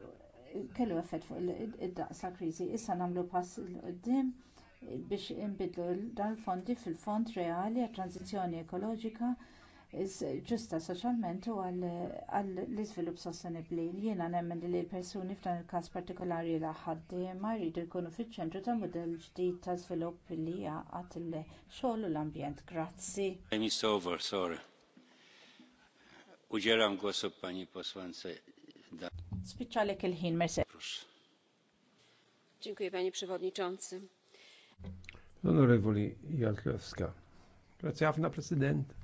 kellu effett fuq id-daqs ta' kriżi issa nagħmlu pass il qudiem biex inbidlu dan il fondi fil-fond reali għat-transizzjoni ekoloġika ġusta soċjalment u għall-iżvilupp sostenibbli. Jiena nemmen li l-persuni f'dan il-każ partikolari la ħaddiema jridu jkunu fiċ-ċentru ta' mudell ġdid ta' żvilupp li jaqgħad il-xogħol u l-ambjent. Grazzi. Time over, sorry. Uġeram gosub pani posłance. Spiċċalek il-ħin, merse. Dziękuję, panie przewodniczący. Onorevoli Jalkowska. Grazie ħafna, President.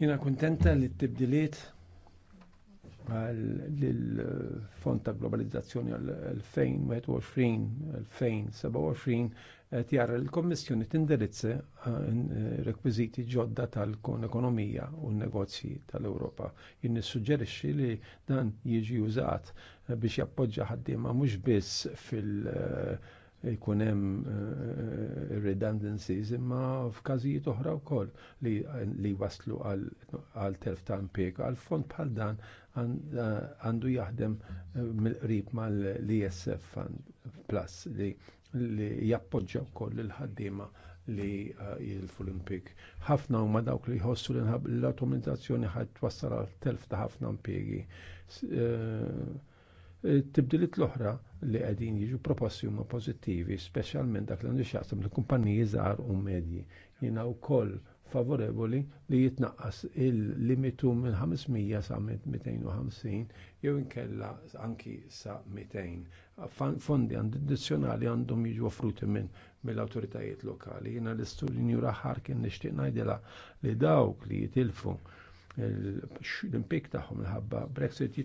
Jina kontenta li t-tibdiliet l-fond ta' globalizzazzjoni l-2021-2027 tjara l-Kommissjoni tindirizza rekwiziti ġodda tal-ekonomija u n-negozji tal-Europa. Jien nissuġġerixxi li dan jiġi użat biex jappoġġa ħaddiema mhux biss fil- uh, jkun hemm eh, eh, redundancies imma f'każijiet oħra wkoll li li waslu għal telf ta' impjeg għal fond bħal dan għandu jaħdem eh, mill-qrib mal-ISF Plus li li jappoġġa wkoll il-ħaddiema li jilfu l-impjeg. Ħafna huma dawk li jħossu l-automatizzazzjoni ħadd twassal għal telf ta' ħafna impjegi tibdilit l-oħra li qegħdin jiġu proposti huma pożittivi, speċjalment dak li għandu xaqsam li kumpaniji żgħar u medji. Jiena wkoll favorevoli li jitnaqqas il-limitu minn 500 sa 250 jew inkella anki sa 200. Fondi addizzjonali għandhom jiġu offruti minn mill-awtoritajiet lokali. Jiena l-istudju njura kien nixtieq ngħidilha li dawk li jitilfu l-impik tagħhom minħabba Brexit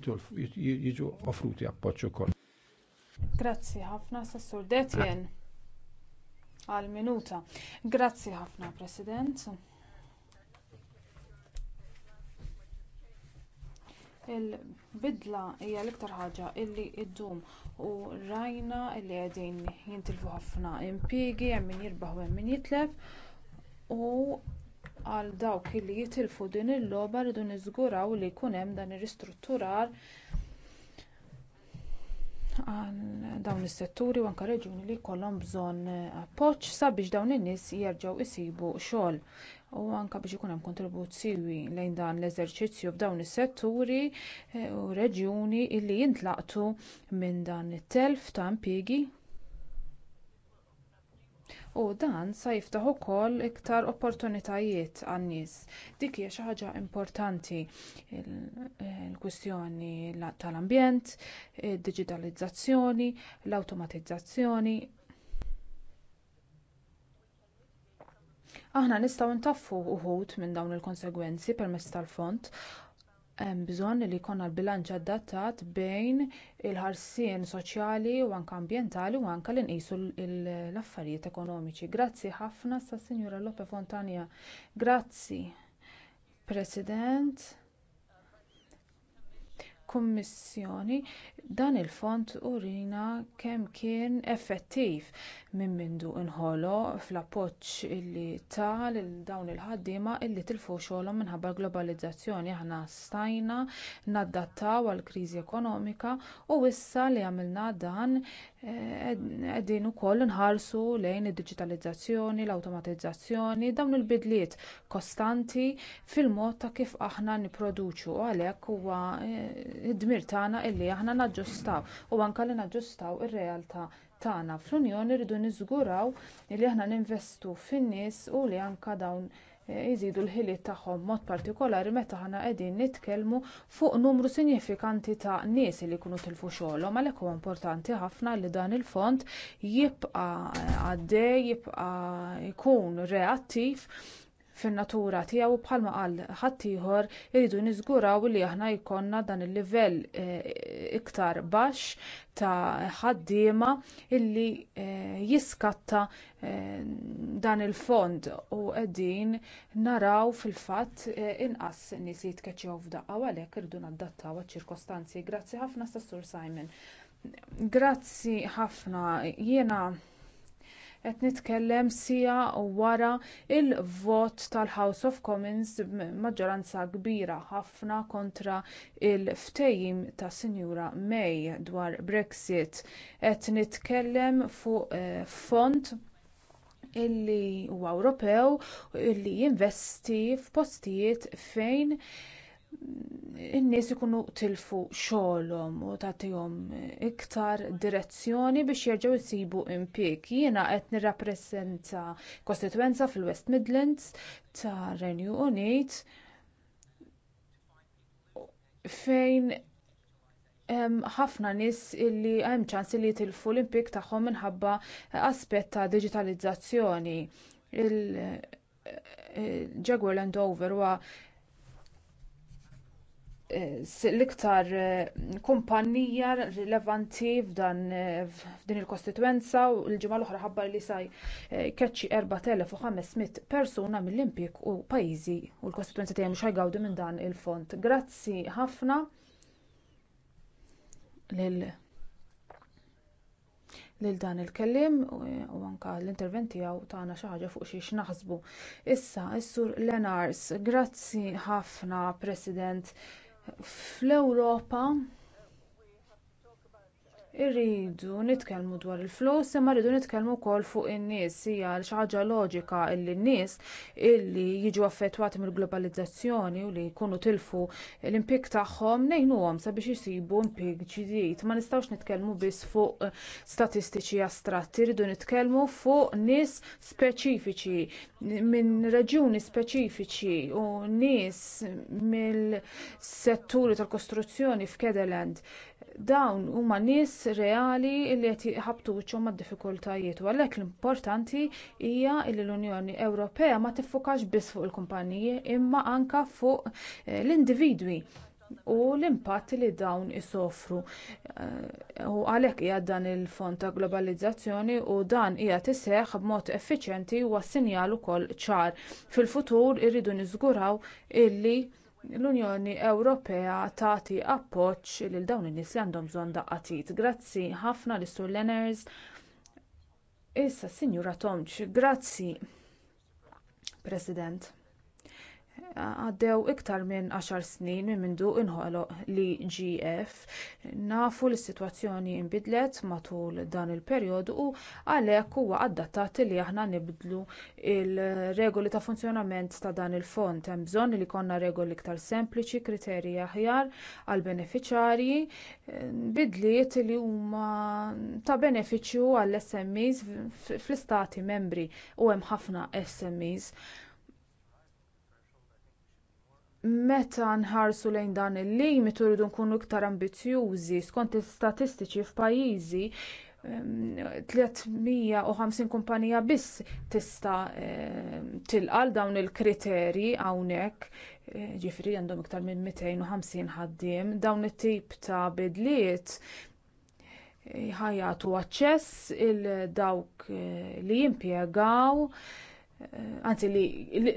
jiġu offruti appoġġ ukoll. Grazzi ħafna Sassur Detjen għal minuta. Grazzi ħafna President. il-bidla hija l-iktar ħaġa illi ddum u rajna illi qegħdin jintilfu ħafna impigi, hemm min jirbaħ u hemm min jitlef u għal dawk li jitilfu din il-logħba rridu niżguraw li jkun hemm dan ir-ristrutturar għal dawn is-setturi u anke reġjuni li jkollhom bżonn appoġġ sabiex dawn in-nies jerġgħu jsibu xogħol u anke biex ikun hemm kontribut siewi lejn dan l-eżerċizzju f'dawn is-setturi eh, u reġjuni li jintlaqtu minn dan it-telf ta' impjiegi u dan se jiftaħ ukoll iktar opportunitajiet għan-nies dik hija xi ħaġa importanti il-kwistjoni tal-ambjent id-diġitalizzazzjoni l-awtomatizzazzjoni aħna nistgħu ntaffu wħud minn dawn il-konsegwenzi permezz tal-fond hemm bżonn li jkollna l-bilanċ adattat bejn il-ħarsien soċjali u anke ambjentali u anke li nqisu l-affarijiet ekonomiċi. Grazzi ħafna sas-Sinjura Lope Fontania. Grazzi, President kummissjoni dan il-fond urina kemm kien effettiv minn mindu nħoloq fl-appoġġ li ta' lil dawn il-ħaddiema illi tilfu xogħolhom minħabba l-globalizzazzjoni aħna stajna nadattaw għall-kriżi ekonomika u issa li għamilna dan qegħdin eh, ukoll inħarsu lejn id-diġitalizzazzjoni l-awtomatizzazzjoni dawn il-bidliet kostanti fil-mod ta' kif aħna nipproduċu għalhekk huwa eh, d-dmir tagħna illi aħna naġġustaw u anke li naġġustaw ir-realtà tagħna fl-unjoni rridu niżguraw li aħna ninvestu fin-nies u li anke dawn jżidu l-ħiliet tagħhom mod partikolari meta aħna qegħdin nitkellmu fuq numru sinifikanti ta' nies li jkunu tilfu xogħolhom għalhekk huwa importanti ħafna li dan il-fond jibqa' għaddej jibqa' jkun reattiv fin-natura tiegħu bħalma qal ħadd ieħor iridu niżguraw li aħna jkollna dan il-livell eh, iktar baxx ta' ħaddiema illi eh, jiskatta eh, dan il-fond u qegħdin naraw fil-fatt inqas nies jitkeċċew f'daqqa u għalhekk irridu nadattaw għaċ-ċirkostanzi. Grazzi ħafna Sassur Simon. Grazzi ħafna jiena qed nitkellem siegħa wara l-vot tal-house of commons b'maġġoranza kbira ħafna kontra l-ftehim tas-sinjura may dwar brexit qed nitkellem fuq eh, fond illi huwa ewropew illi jinvesti f'postijiet fejn in-nies ikunu tilfu xogħolhom u tagħtihom iktar direzzjoni biex jerġgħu jsibu impjieg. Jiena qed nirrappreżenta kostitwenza fil-West Midlands ta' Renju Unit fejn hemm ħafna nies illi hemm ċans li jitilfu l-impjieg tagħhom minħabba aspett ta' diġitalizzazzjoni. Il-Jaguar eh, eh, Land Rover huwa Eh, l-iktar eh, kumpanija rilevanti f'dan eh, f'din il-kostitwenza u l-ġimgħa l-oħra ħabbar li sa jkeċċi 4500 persuna mill-impjeg u pajjiżi u l-kostitwenza tiegħi mhux ħajgawdu minn dan il-fond. Grazzi ħafna lil lil dan il-kellim u anke l-intervent tiegħu tagħna xi ħaġa fuq xiex naħsbu. Issa, is-sur Lenars, grazzi ħafna President fl-ewropa irridu nitkellmu dwar il-flus imma rridu nitkellmu wkoll fuq in-nies hija xi ħaġa loġika li n-nies illi jiġu affettwati mill-globalizzazzjoni u li jkunu tilfu l-impjieg tagħhom ngħinuhom sabiex isibu impjieg ġdid. Ma nistgħux nitkellmu biss fuq statistiċi astratti, rridu nitkellmu fuq nies speċifiċi minn reġjuni speċifiċi u nies mill-setturi tal-kostruzzjoni f'Kedeland dawn huma nies reali li qed jħabtu wiċċhom mad-diffikultajiet u għalhekk l-importanti hija li l-unjoni ewropea ma tiffokax biss fuq il-kumpaniji imma anke fuq eh, l-individwi u l-impatt li dawn isofru eh, u għalhekk hija dan il-fond ta' globalizzazzjoni u dan hija tiseħħ b'mod effiċjenti u għas-sinjal ukoll ċar fil-futur irridu niżguraw illi l-Unjoni Ewropea tagħti appoġġ lil dawn in-nies li għandhom bżonn daqqatit. Grazzi ħafna lis sur Lenners. Issa, Sinjura Tomċ, grazzi, President għaddew iktar minn 10 snin minn mindu inħoloq l-igf nafu li s-sitwazzjoni nbidlet matul dan il-perjodu u għalhekk huwa adattat li aħna nibdlu r-regoli ta' funzjonament ta' dan il-fond hemm bżonn li jkollna regoli iktar sempliċi kriterji aħjar għall benefiċjarji bidliet li huma ta' benefiċċju għall smes fl-istati membri u hemm ħafna smes meta nħarsu lejn dan il-limit rridu nkunu iktar ambizzjużi skont il-statistiċi f'pajjiżi 350 kumpanija biss tista tilqal dawn il-kriterji hawnhekk e, ġifri għandhom iktar minn 250 ħaddiem dawn it-tip ta' bidliet e, ħajatu aċċess il dawk e, li jimpjegaw anzi li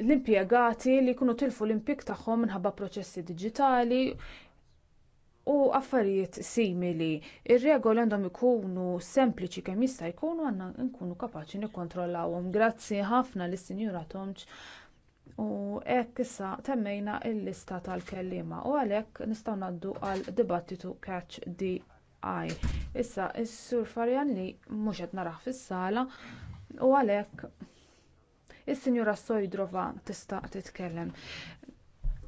l-impjegati li jkunu tilfu l-impjeg tagħhom minħabba proċessi diġitali u affarijiet simili. Ir-regoli għandhom ikunu sempliċi kemm jista' jkunu għandna nkunu kapaċi nikkontrollawhom. Grazzi ħafna lis sinjura Tomċ u hekk issa temmejna l-lista tal-kelliema u għalhekk nistgħu ngħaddu għal dibattitu catch the eye. Issa s-sur Farjan li mhux qed narah fis-sala u għalhekk Is-Sinjura Sojdrova tista' titkellem.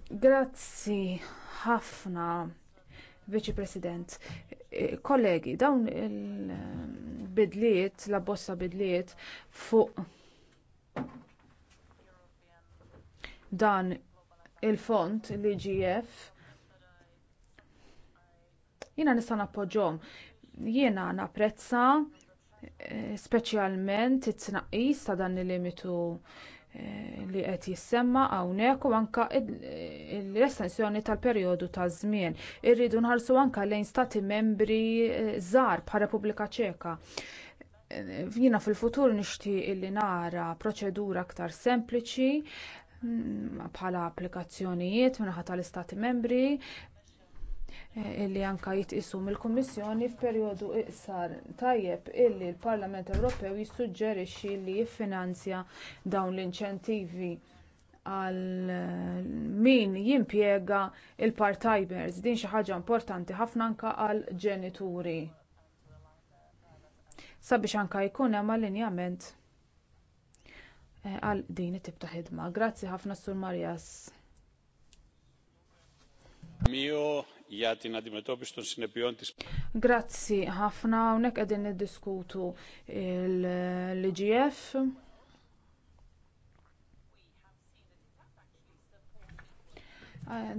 Grazzi ħafna, Viċi President. E, kollegi, dawn il-bidliet, la bossa bidliet fuq dan il-font l-IGF jiena nista' nappoġġom. Jiena napprezza Eh, speċjalment it-tnaqqis ta' dan il-limitu eh, li qed jissemma hawnhekk u anke l-estensjoni tal-perjodu ta' żmien. Irridu nħarsu anke lejn stati membri eh, żgħar bħal Repubblika Ċeka. Jiena fil-futur nixtieq illi nara proċedura aktar sempliċi mm, bħala applikazzjonijiet minħata tal istati membri Eh, illi anke jitqisu mill-Kummissjoni f'perjodu iqsar tajjeb illi l-Parlament Ewropew jissuġġerixxi li jiffinanzja dawn l-inċentivi għal eh, min jimpjega l part timers din xi ħaġa importanti ħafna anke għall ġenituri sabiex anke jkun hemm allinjament eh, għal din it-tip ta' ħidma. Grazzi ħafna Sur Marjas. Grazzi ħafna hawnhekk qegħdin niddiskutu l-IGF.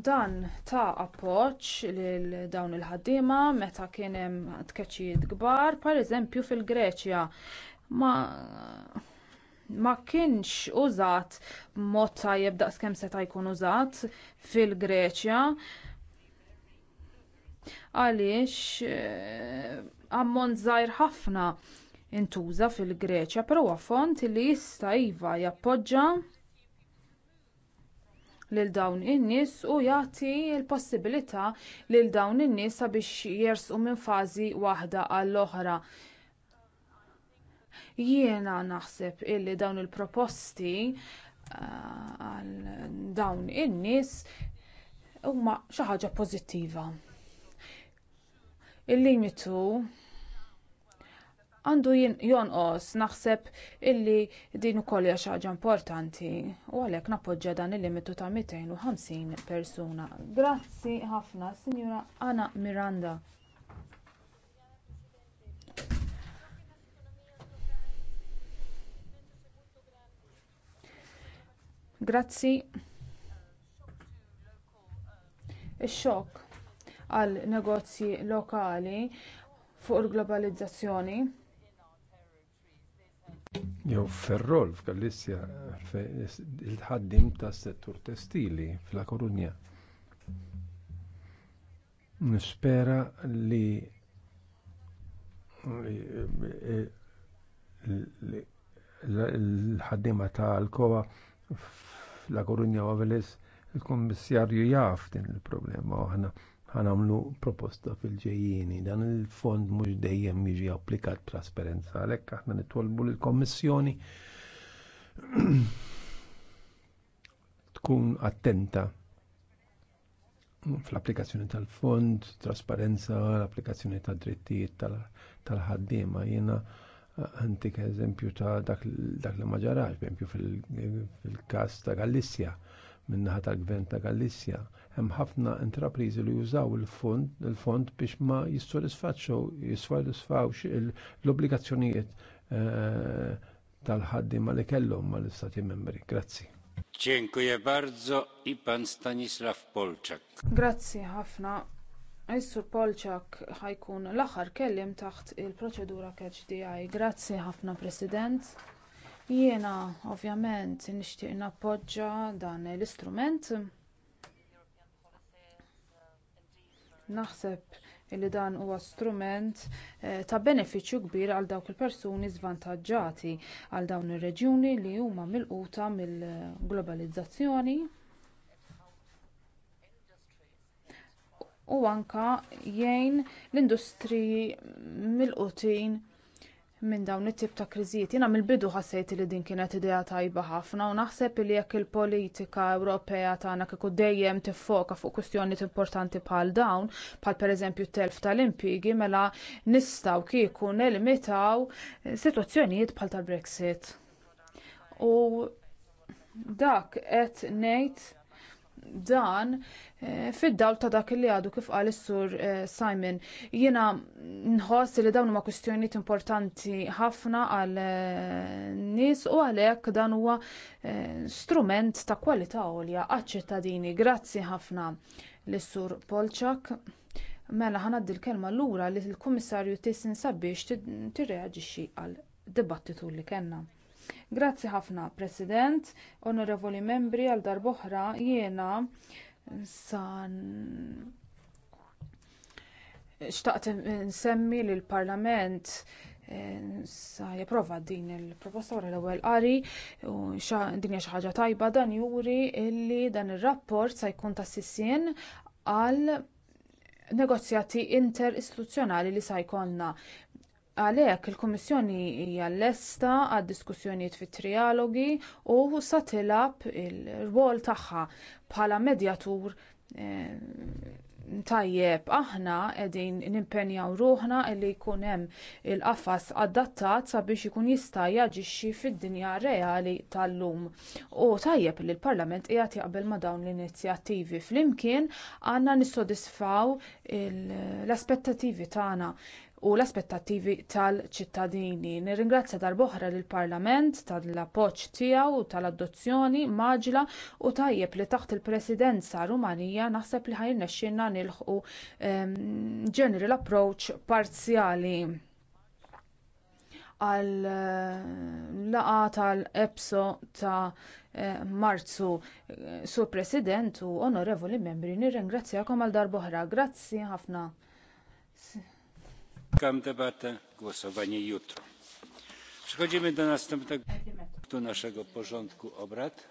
Dan ta' appoċ lil dawn il-ħaddiema meta kien hemm gbar, kbar, eżempju fil-Greċja. Ma ma kienx użat mod tajjeb daqskemm seta' jkun użat fil-Greċja għaliex eh, ammont żgħir ħafna intuża fil-Greċja, però huwa fond li jista' iva jappoġġa lil dawn in-nies u jagħti l-possibilità lil dawn in-nies sabiex jersqu minn fażi waħda għall oħra Jiena naħseb illi dawn il-proposti eh, għal dawn in-nies huma xi ħaġa pożittiva il-limitu għandu jonqos naħseb illi din ukoll hija xi ħaġa importanti u għalhekk nappoġġja dan il-limitu ta' 250 persuna. Grazzi ħafna, Sinjura Anna Miranda. Grazzi. Ix-xokk għal negozji lokali fuq il-globalizzazzjoni jew ferrol f'Galizja il-ħaddim tas-settur testili fl Korunja. Nispera li l-ħaddima ta' l-kowa f'La Korunja u il-Kommissarju jaf din il-problema aħna ħanamlu proposta fil-ġejjini. Dan il-fond mhux dejjem jiġi applikat trasparenza għalhekk aħna nitolbu lill-Kommissjoni tkun attenta fl-applikazzjoni tal-fond, trasparenza, l-applikazzjoni tad drittijiet tal-ħaddiema. Tal Jiena antik eh, eżempju ta' dak, li ma ġarax, fil-każ ta' Galizja, min-naħa tal-gvern ta' Galizja hemm ħafna intrapriżi li jużaw il-fond biex ma jissodisfaċċew jissodisfawx l-obbligazzjonijiet eh, tal-ħaddiema li kellhom mal-Istati Membri. Grazzi. Dziękuję bardzo i pan Stanisław Polczak. Grazzi ħafna. is Polczak ħajkun l-aħħar kellim taħt il-proċedura catch Grazzi ħafna President. Jiena ovvjament nixtieq nappoġġa dan l-istrument naħseb li dan huwa strument eh, ta' benefiċċju kbir għal dawk il-persuni żvantaġġati għal dawn ir-reġjuni li huma milquta mill-globalizzazzjoni u anke jgħin l-industriji milqutin minn dawn it-tip ta' kriżijiet. Jiena mill-bidu ħassejt li din kienet idea tajba ħafna u naħseb li jekk il-politika Ewropea tagħna kieku dejjem tiffoka fuq kwistjonijiet importanti bħal dawn, bħal pereżempju t-telf tal-impjiegi mela nistgħu kieku nelimitaw sitwazzjonijiet bħal tal-Brexit. U dak qed ngħid dan eh, fid-dawl ta' dak li għadu kif qal is-sur eh, Simon. Jiena nħoss li dawn huma kwistjonijiet importanti ħafna għal eh, nies u għalhekk dan huwa strument ta' kwalità għolja għaċ-ċittadini. Grazzi ħafna lis-sur Polczak. Mela għaddi l-kelma lura li l-Kummissarju Tissin sabiex tirreaġixxi għal dibattitu li kellna. Grazzi ħafna, President, onorevoli membri għal darboħra jiena san xtaqt nsemmi li l-Parlament eh, sa jeprova din il-proposta wara l-ewwel qari u dinja xaħġa xi ħaġa tajba dan juri illi dan ir-rapport se jkun tassissin għal negozjati interistituzzjonali li sa jkollna Għalhekk il-Kummissjoni hija lesta għad diskussjonijiet fit-trialogi u sa tilab ir-rwol tagħha bħala medjatur eh, tajjeb aħna qegħdin nimpenjaw ruħna li jkun hemm il-qafas adattat sabiex ikun jista' jaġixxi fid-dinja reali tal-lum. U tajjeb li l-Parlament qiegħed jaqbel ma' dawn l-inizjattivi flimkien għandna nissodisfaw l-aspettattivi tagħna u l-aspettattivi tal-ċittadini. Nirringrazzja darb'oħra lill parlament tal-appoġġ tiegħu u tal-adozzjoni maġla u tajjeb li taħt il-Presidenza Rumanija naħseb li ħajrnexxinna nilħqu ehm, general approach parzjali għal eh, laqgħa tal-EPSO ta' eh, Marzu. Sur President u onorevoli membri, nirringrazzjakom għal darb'oħra. Grazzi ħafna. Kam debata głosowanie jutro. Przechodzimy do następnego punktu naszego porządku obrad.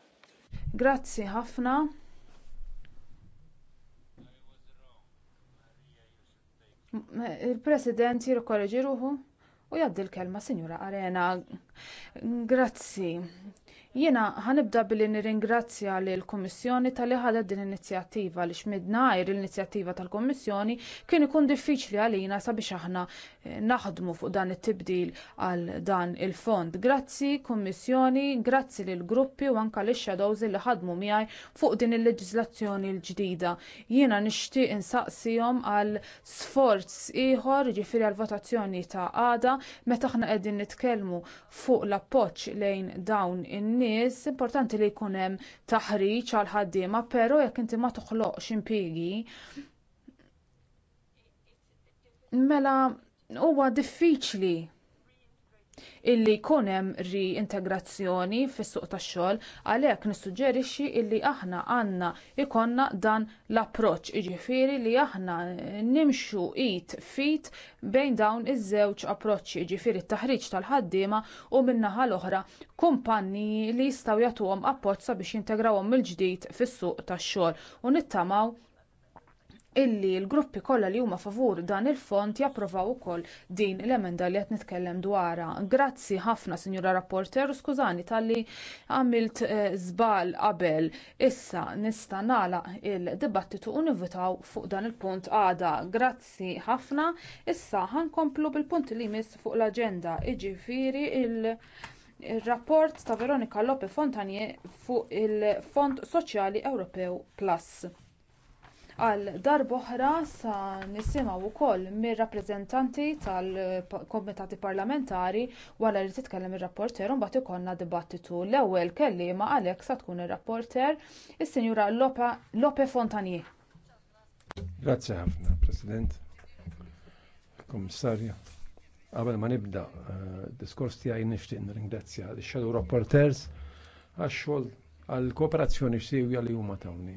Il-President kolleġi ruħu u jgħaddi l-kelma Sinjura Arena. Grazzi. Jiena ħanibda billi nirringrazzja lill kummissjoni tal-li ħadet din l-inizjattiva li xmidnajr l-inizjattiva tal-Kummissjoni kien ikun diffiċli għalina sabiex aħna naħdmu fuq dan it-tibdil għal dan il-fond. Grazzi Kummissjoni, grazzi lill gruppi u anke lix shadows li ħadmu miegħi fuq din il-leġiżlazzjoni l-ġdida. Jiena nixtieq insaqsihom għal sforz ieħor ġifieri għal votazzjoni ta' għada meta aħna qegħdin nitkellmu fuq l-appoġġ lejn dawn in-nies, importanti li jkun hemm taħriġ għal ħaddiema, però jekk inti ma toħloqx impjiegi mela huwa diffiċli illi jkun hemm riintegrazzjoni fis-suq tax-xogħol għalhekk nissuġġerixxi illi aħna għandna jkollna dan l-approċċ jiġifieri li aħna nimxu id fit bejn dawn iż-żewġ approċċi jiġifieri t-taħriġ tal-ħaddiema u min-naħa l-oħra kumpanniji li jistgħu jagħtuhom appoġġ sabiex jintegrawhom mill-ġdid fis-suq tax-xogħol u nittamaw illi l-gruppi kollha li huma favur dan il-fond japprovaw ukoll din l-emenda li qed nitkellem dwarha. Grazzi ħafna Sinjura Rapporter u skużani talli għamilt eh, żball qabel. Issa nista' nagħlaq il-dibattitu u nivvitaw fuq dan il-punt għada. Grazzi ħafna. Issa ħankomplu bil-punt li jmiss fuq l-aġenda. Iġifieri il- ir-rapport ta' Veronika Lope Fontanier fuq il-Fond Soċjali Ewropew Plus għal darb'oħra sa nisimgħu wkoll mir-rappreżentanti tal-kumitati parlamentari wara li titkellem ir-rapporter u mbagħad ikollna dibattitu l-ewwel kelliema għalhekk se tkun ir-rapporter is-sinjura lope fontagné Grazzi ħafna, President. Kommissarja. qabel ma nibda eh, diskors tiegħi nixtieq nirringrazzja l-Shadow Rapporters għax-xogħol għal kooperazzjoni xsewja li huma tawni.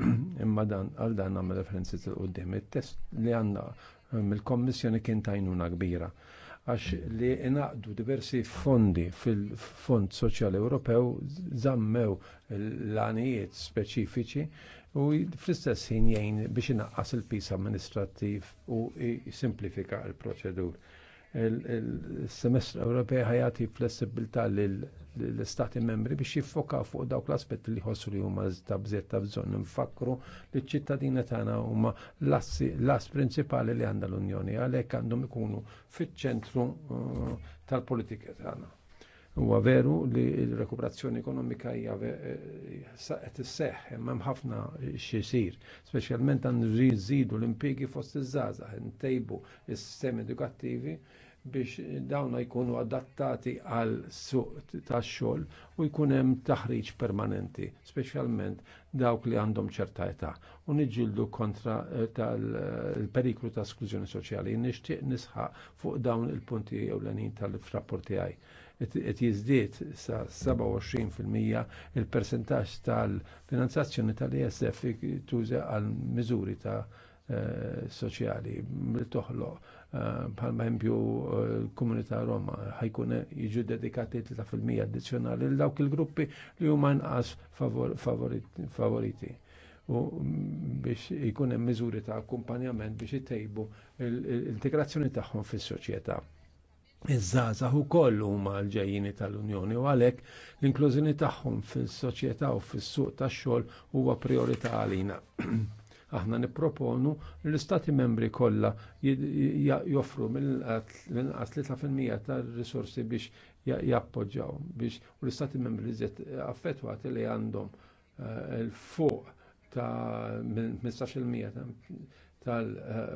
Imma dan għal dan għamme referenzi t għoddim Il-test li għanna eh, mill-kommissjoni kien tajnuna kbira għax li inaqdu diversi fondi fil-Fond Soċjali Ewropew zammew l-għanijiet speċifiċi u fl-istess ħin jgħin biex inaqqas il-pis amministrattiv u simplifika l-proċedur il-semestru Ewropej ħajati flessibilità l-istati membri biex jiffoka fuq dawk l aspet li ħossu li huma ta' bżiet ta' bżonn nfakru li ċ-ċittadina tagħna huma l-ass prinċipali li għandha l-Unjoni għalhekk għandhom ikunu fiċ-ċentru eh, tal-politika tagħna. Huwa veru li l-rekuperazzjoni ekonomika hija saqet eh, eh, isseħħ imma hemm ħafna xisir, speċjalment għandu jżidu l-impjiegi fost iż-żgħażagħ, ntejbu s-sistemi edukattivi biex dawna jkunu adattati għal suq tax xogħol u jkun hemm taħriġ permanenti, speċjalment dawk li għandhom ċerta età u niġġieldu kontra eh, tal-periklu ta' sklużjoni soċjali. Nixtieq nisħaq fuq dawn il-punti ewlenin tal-rapporti għaj qed jizdiet sa 27% il-persentaġġ tal-finanzazzjoni tal-ISF tuża għal miżuri ta' eh, soċjali mill-toħlo eh, bħal ma' jempju eh, komunità Roma ħajkun jiġu dedikati 3% addizzjonali l dawk il-gruppi li huma nqas favoriti u biex jkun hemm miżuri ta' akkumpanjament biex itejbu l-integrazzjoni tagħhom fis-soċjetà iż żgħażagħ ukoll huma l-ġejjini tal-Unjoni u għalhekk l-inklużjoni tagħhom fis-soċjetà u fis-suq tax-xogħol huwa priorità għalina. Aħna nipproponu li l-Istati membri kollha joffru mill-inqas 3% tar-risorsi biex jappoġġaw biex u l-Istati membri żiet affettwati li għandhom eh, il-fuq ta' 15% tal eh,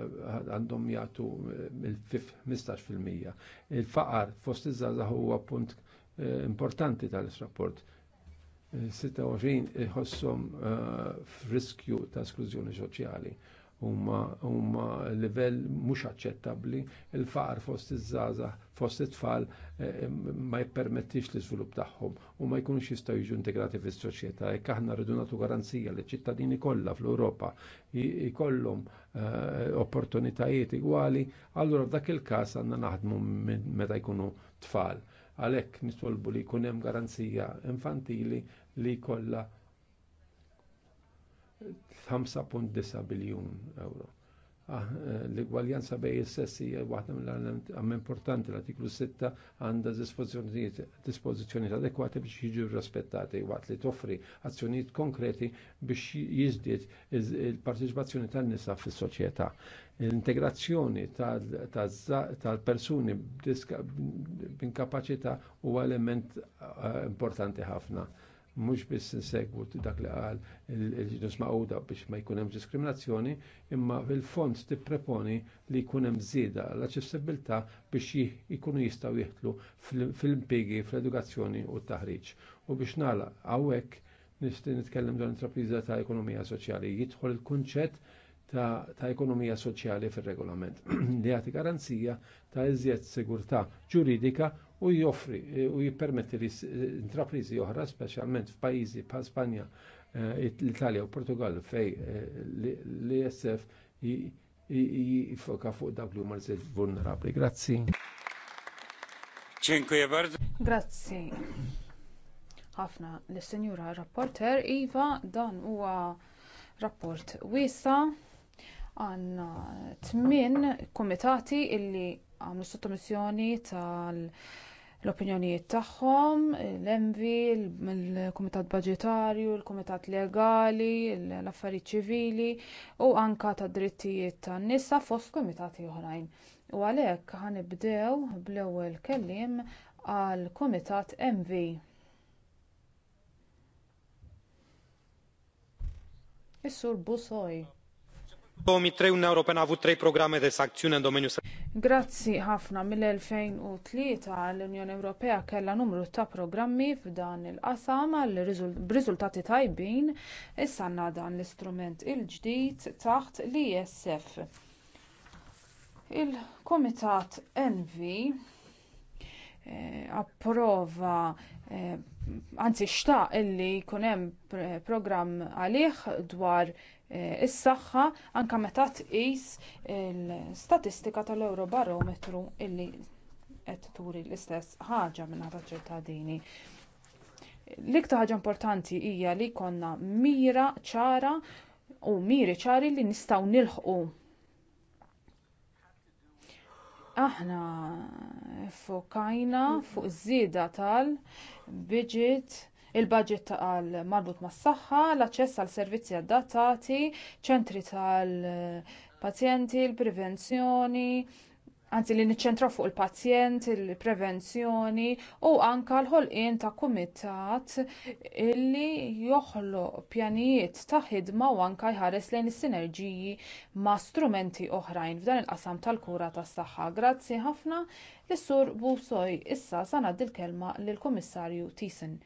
għandhom jagħtu eh, mill-15%. Il-faqar fost iż-żgħażagħ huwa punt eh, importanti tal-rapport. 26 iħossom f'riskju ta' esklużjoni soċjali huma livell mhux aċċettabbli, il-faqar fost iż-żgħażagħ, fost it-tfal eh, eh, ma jippermettix l-iżvilupp tagħhom u ma jkunux jistgħu jiġu integrati fis-soċjetà. Jekk aħna rridu nagħtu garanzija li ċittadini kollha fl-Ewropa jkollhom eh, opportunitajiet igwali, allura f'dak il-każ għandna naħdmu meta jkunu tfal. Għalhekk nitolbu li jkun hemm garanzija infantili li kollha 5.9 biljun euro. Ah, eh, l-igwaljanza bej is-sessi waħda mill-għam importanti l-artiklu 6 għandha dispożizzjonijiet adekwati biex jiġu rispettati waqt li toffri azzjonijiet konkreti biex jiżdied il-partiċipazzjoni tan-nisa fis-soċjetà. L-integrazzjoni tal-persuni b'inkapaċità huwa element eh, importanti ħafna mhux biss insegwu dak li qal il ġinus Maqwda biex ma jkun hemm diskriminazzjoni, imma fil-fond tipproponi li jkun hemm żieda l-aċċessibilità biex jkunu jistgħu jieħdlu fil impigi fl-edukazzjoni u t-taħriġ. U biex nagħlaq hawnhekk nixti nitkellem dwar intrapriża ta' ekonomija soċjali. Jidħol il-kunċett ta', ekonomija soċjali fir-regolament li jagħti garanzija ta' iżjed sigurtà ġuridika u joffri e, u jippermetti li e, intraprizi oħra, speċjalment f'pajjiżi bħal Spanja, e, l-Italja u Portugal fej l-ISF jifoka fuq dak li huma vulnerabbli. Grazzi. Dziękuję bardzo. Grazzi. Ħafna l-Senjura Rapporter Iva dan huwa rapport wiesa għanna tmien komitati illi għamlu sottomissjoni tal- l-opinjonijiet tagħhom, l-envi, il-kumitat budgetarju, il-kumitat legali, l-affarijiet ċivili u anka tad drittijiet tan-nisa fost komitati oħrajn. U għalhekk ħanibdew bl-ewwel kelliem għall kumitat MV. Is-sur Busoj. 2003 Uniunea ha avut trei programe de sancțiuni în domeniul grazzi ħafna mill-2003 l-unjoni ewropea kellha numru ta' programmi f'dan il-qasam b'riżultati tajbin issa għandna dan l-istrument il-ġdid taħt l-isf il-kumitat envi eh, approva eh, anzi xtaqt illi jkun hemm programm għalih dwar is-saħħa anke meta tqis l statistika tal-Eurobarometru illi qed turi l-istess ħaġa mingħata ċittadini. L-iktar ħaġa importanti hija li jkollna mira ċara u miri ċari li nistgħu nilħqu. Aħna fokajna fuq iż-żieda tal-biġit il-baġit għal marbut mas-saħħa l-aċċess għal servizzi adattati ċentri tal-pazjenti il-prevenzjoni anzi li niċċentraw fuq il-pazjent il-prevenzjoni u anke l-ħolqien ta' kumitat li joħloq pjanijiet ta' ħidma u anke jħares lejn is-sinerġiji ma' strumenti oħrajn f'dan il-qasam tal-kura tas-saħħa. Grazzi ħafna is sur Busoj. Issa sanad il kelma lill-Kummissarju Thyssen.